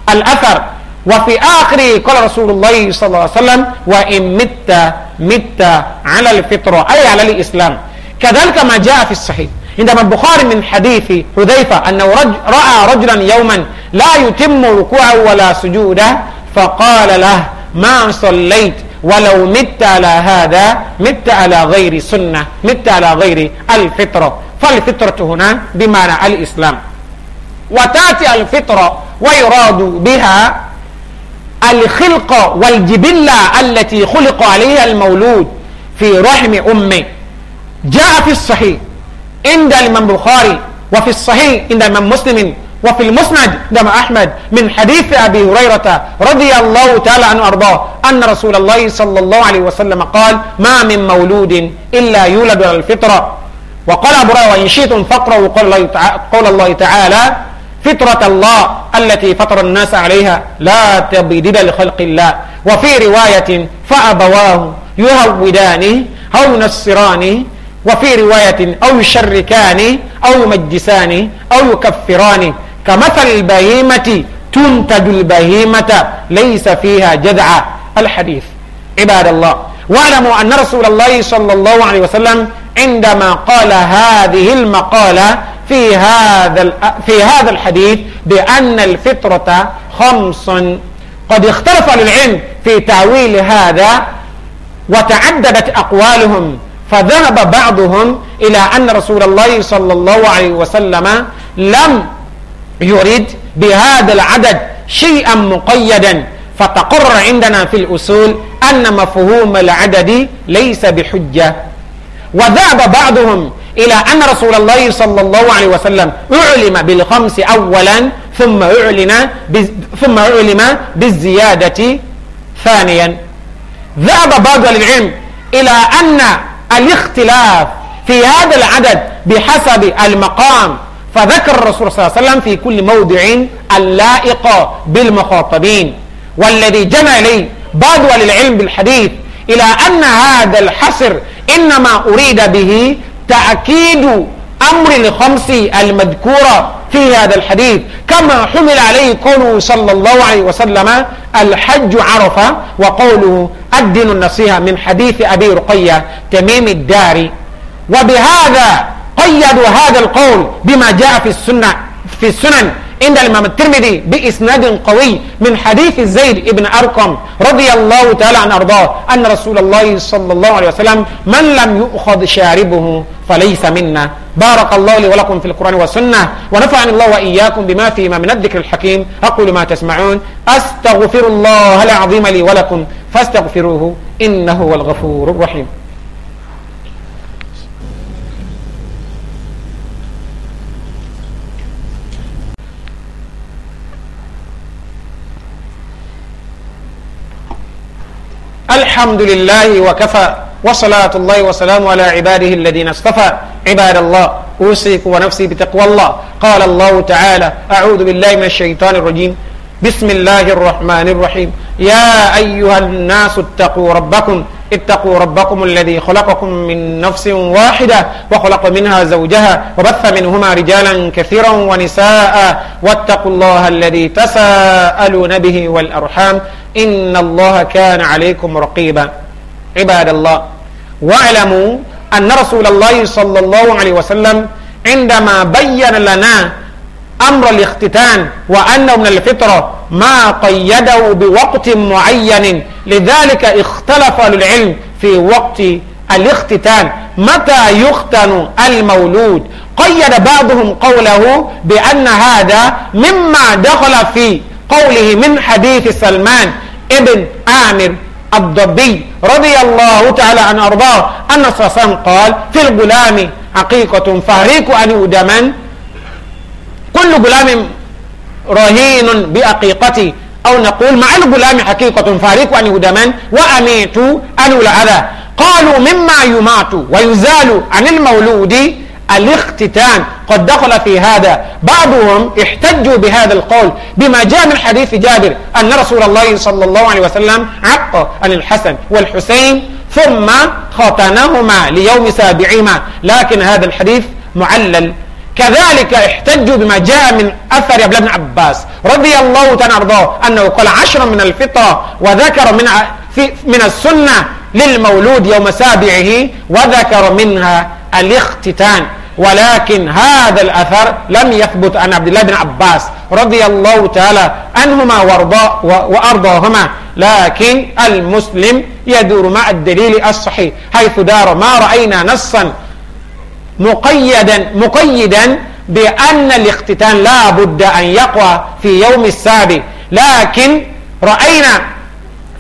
الأثر وفي آخره قال رسول الله صلى الله عليه وسلم وإن مت مت على الفطرة أي على الإسلام كذلك ما جاء في الصحيح عندما البخاري من حديث حذيفة أنه رج رأى رجلا يوما لا يتم ركوعه ولا سجوده فقال له ما صليت ولو مت على هذا مت على غير سنة مت على غير الفطرة فالفطرة هنا بمعنى الإسلام وتأتي الفطرة ويراد بها الخلق والجبلة التي خلق عليها المولود في رحم أمه جاء في الصحيح عند الإمام البخاري وفي الصحيح عند الإمام مسلم وفي المسند دم أحمد من حديث أبي هريرة رضي الله تعالى عنه أرضاه أن رسول الله صلى الله عليه وسلم قال ما من مولود إلا يولد على الفطرة وقال أبو هريرة وإن شئتم تعالى, قول الله تعالى فطرة الله التي فطر الناس عليها لا تبدل لخلق الله وفي رواية فأبواه يهودانه أو نصرانه وفي رواية أو يشركانه أو يمجسانه أو يكفرانه كمثل البهيمة تنتج البهيمة ليس فيها جذعة الحديث عباد الله واعلموا أن رسول الله صلى الله عليه وسلم عندما قال هذه المقالة في هذا في هذا الحديث بأن الفطرة خمس قد اختلف العلم في تأويل هذا وتعددت أقوالهم فذهب بعضهم إلى أن رسول الله صلى الله عليه وسلم لم يريد بهذا العدد شيئا مقيدا فتقر عندنا في الأصول أن مفهوم العدد ليس بحجة وذهب بعضهم إلى أن رسول الله صلى الله عليه وسلم أعلم بالخمس أولا ثم أعلن ثم أعلم بالزيادة ثانيا ذهب بعض العلم إلى أن الاختلاف في هذا العدد بحسب المقام فذكر الرسول صلى الله عليه وسلم في كل موضع اللائق بالمخاطبين والذي جمع لي بعض العلم بالحديث إلى أن هذا الحصر إنما أريد به تأكيد أمر الخمس المذكورة في هذا الحديث كما حمل عليه قوله صلى الله عليه وسلم الحج عرفة وقوله الدين النصيحة من حديث أبي رقية تميم الداري وبهذا قيدوا هذا القول بما جاء في السنة في السنن عند الإمام الترمذي بإسناد قوي من حديث زيد بن أرقم رضي الله تعالى عن أرضاه أن رسول الله صلى الله عليه وسلم من لم يؤخذ شاربه فليس منا بارك الله لي ولكم في القرآن والسنة ونفعني الله وإياكم بما فيما من الذكر الحكيم أقول ما تسمعون أستغفر الله العظيم لي ولكم فاستغفروه إنه هو الغفور الرحيم الحمد لله وكفى وصلاة الله وسلام على عباده الذين اصطفى عباد الله أوصيكم ونفسي بتقوى الله قال الله تعالى أعوذ بالله من الشيطان الرجيم بسم الله الرحمن الرحيم يا أيها الناس اتقوا ربكم اتقوا ربكم الذي خلقكم من نفس واحدة وخلق منها زوجها وبث منهما رجالا كثيرا ونساء واتقوا الله الذي تساءلون به والأرحام إن الله كان عليكم رقيبا عباد الله واعلموا أن رسول الله صلى الله عليه وسلم عندما بين لنا أمر الاختتان وأنه من الفطرة ما قيده بوقت معين لذلك اختلف العلم في وقت الاختتان متى يختن المولود قيد بعضهم قوله بأن هذا مما دخل في قوله من حديث سلمان ابن آمر الضبي رضي الله تعالى عن أرضاه أن صلى الله عليه وسلم قال في الغلام حقيقة فهريك أن يؤدمن كل غلام رهين بأقيقتي أو نقول مع الغلام حقيقة فارق عن يدمان وأميت ألو الأذى قالوا مما يمات ويزال عن المولود الاختتان قد دخل في هذا بعضهم احتجوا بهذا القول بما جاء من حديث جابر أن رسول الله صلى الله عليه وسلم عق عن الحسن والحسين ثم ختنهما ليوم سابعهما لكن هذا الحديث معلل كذلك احتجوا بما جاء من أثر عبد ابن عباس رضي الله تعالى عنه أنه قال عشرا من الفطرة وذكر من من السنة للمولود يوم سابعه وذكر منها الاختتان ولكن هذا الأثر لم يثبت عن عبد الله بن عباس رضي الله تعالى عنهما وأرضاهما لكن المسلم يدور مع الدليل الصحيح حيث دار ما رأينا نصا مقيدا مقيدا بأن الاختتان لا بد أن يقوى في يوم السابع لكن رأينا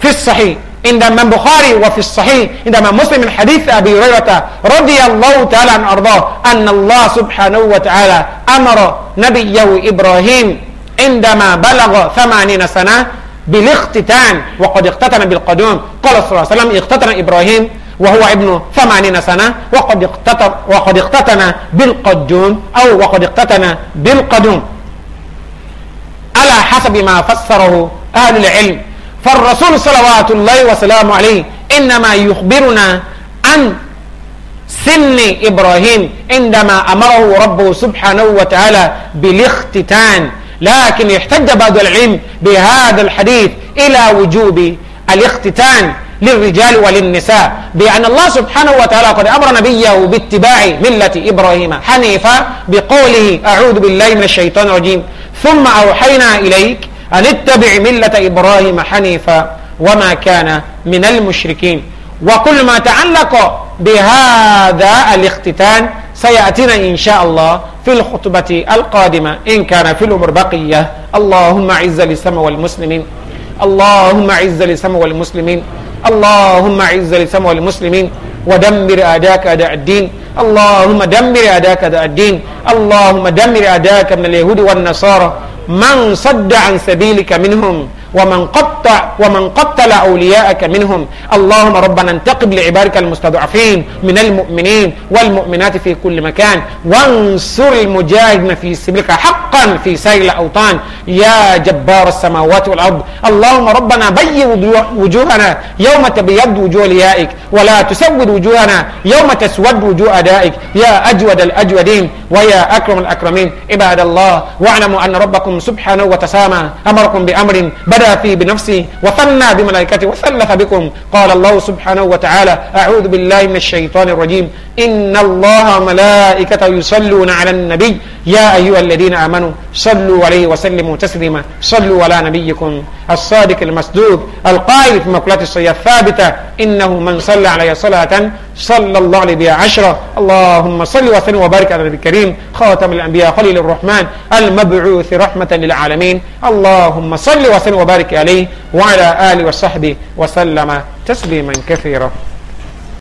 في الصحيح عند من بخاري وفي الصحيح عند من مسلم من حديث أبي هريرة رضي الله تعالى عن أرضاه أن الله سبحانه وتعالى أمر نبيه إبراهيم عندما بلغ ثمانين سنة بالاختتان وقد اختتن بالقدوم قال صلى الله عليه وسلم اختتن إبراهيم وهو ابن ثمانين سنة وقد اقتتن وقد اقتتن بالقدوم أو وقد اقتتن بالقدوم على حسب ما فسره أهل العلم فالرسول صلوات الله وسلامه عليه إنما يخبرنا عن سن إبراهيم عندما أمره ربه سبحانه وتعالى بالاختتان لكن يحتج بعض العلم بهذا الحديث إلى وجوب الاختتان للرجال وللنساء بأن الله سبحانه وتعالى قد أمر نبيه باتباع ملة إبراهيم حنيفا بقوله أعوذ بالله من الشيطان الرجيم ثم أوحينا إليك أن اتبع ملة إبراهيم حنيفا وما كان من المشركين وكل ما تعلق بهذا الاختتان سيأتينا إن شاء الله في الخطبة القادمة إن كان في الأمر بقية اللهم عز لسمى والمسلمين اللهم عز لسمى والمسلمين اللهم اعز الاسلام والمسلمين ودمر اعداءك اعداء الدين اللهم دمر اعداءك اعداء الدين اللهم دمر اعداءك من اليهود والنصارى من صد عن سبيلك منهم ومن قطع ومن قتل أولياءك منهم اللهم ربنا انتقم لعبادك المستضعفين من المؤمنين والمؤمنات في كل مكان وانصر المجاهدين في سبيلك حقا في سائر الأوطان يا جبار السماوات والأرض اللهم ربنا بيض وجوهنا يوم تبيض وجوه اوليائك ولا تسود وجوهنا يوم تسود وجوه أدائك يا أجود الأجودين ويا أكرم الأكرمين عباد الله واعلموا أن ربكم سبحانه وتسامى أمركم بأمر بدأ بدا في بنفسه وثنى بملائكته وثلث بكم قال الله سبحانه وتعالى أعوذ بالله من الشيطان الرجيم إن الله ملائكته يصلون على النبي يا أيها الذين آمنوا صلوا عليه وسلموا تسليما صلوا على نبيكم الصادق المصدوق القائل في مقولات الصية الثابتة إنه من صلى علي صلاة صلى الله عليه بها عشرة اللهم صل وسلم وبارك على النبي الكريم خاتم الأنبياء خليل الرحمن المبعوث رحمة للعالمين اللهم صل وسلم وبارك عليه وعلى آله وصحبه وسلم تسليما كثيرا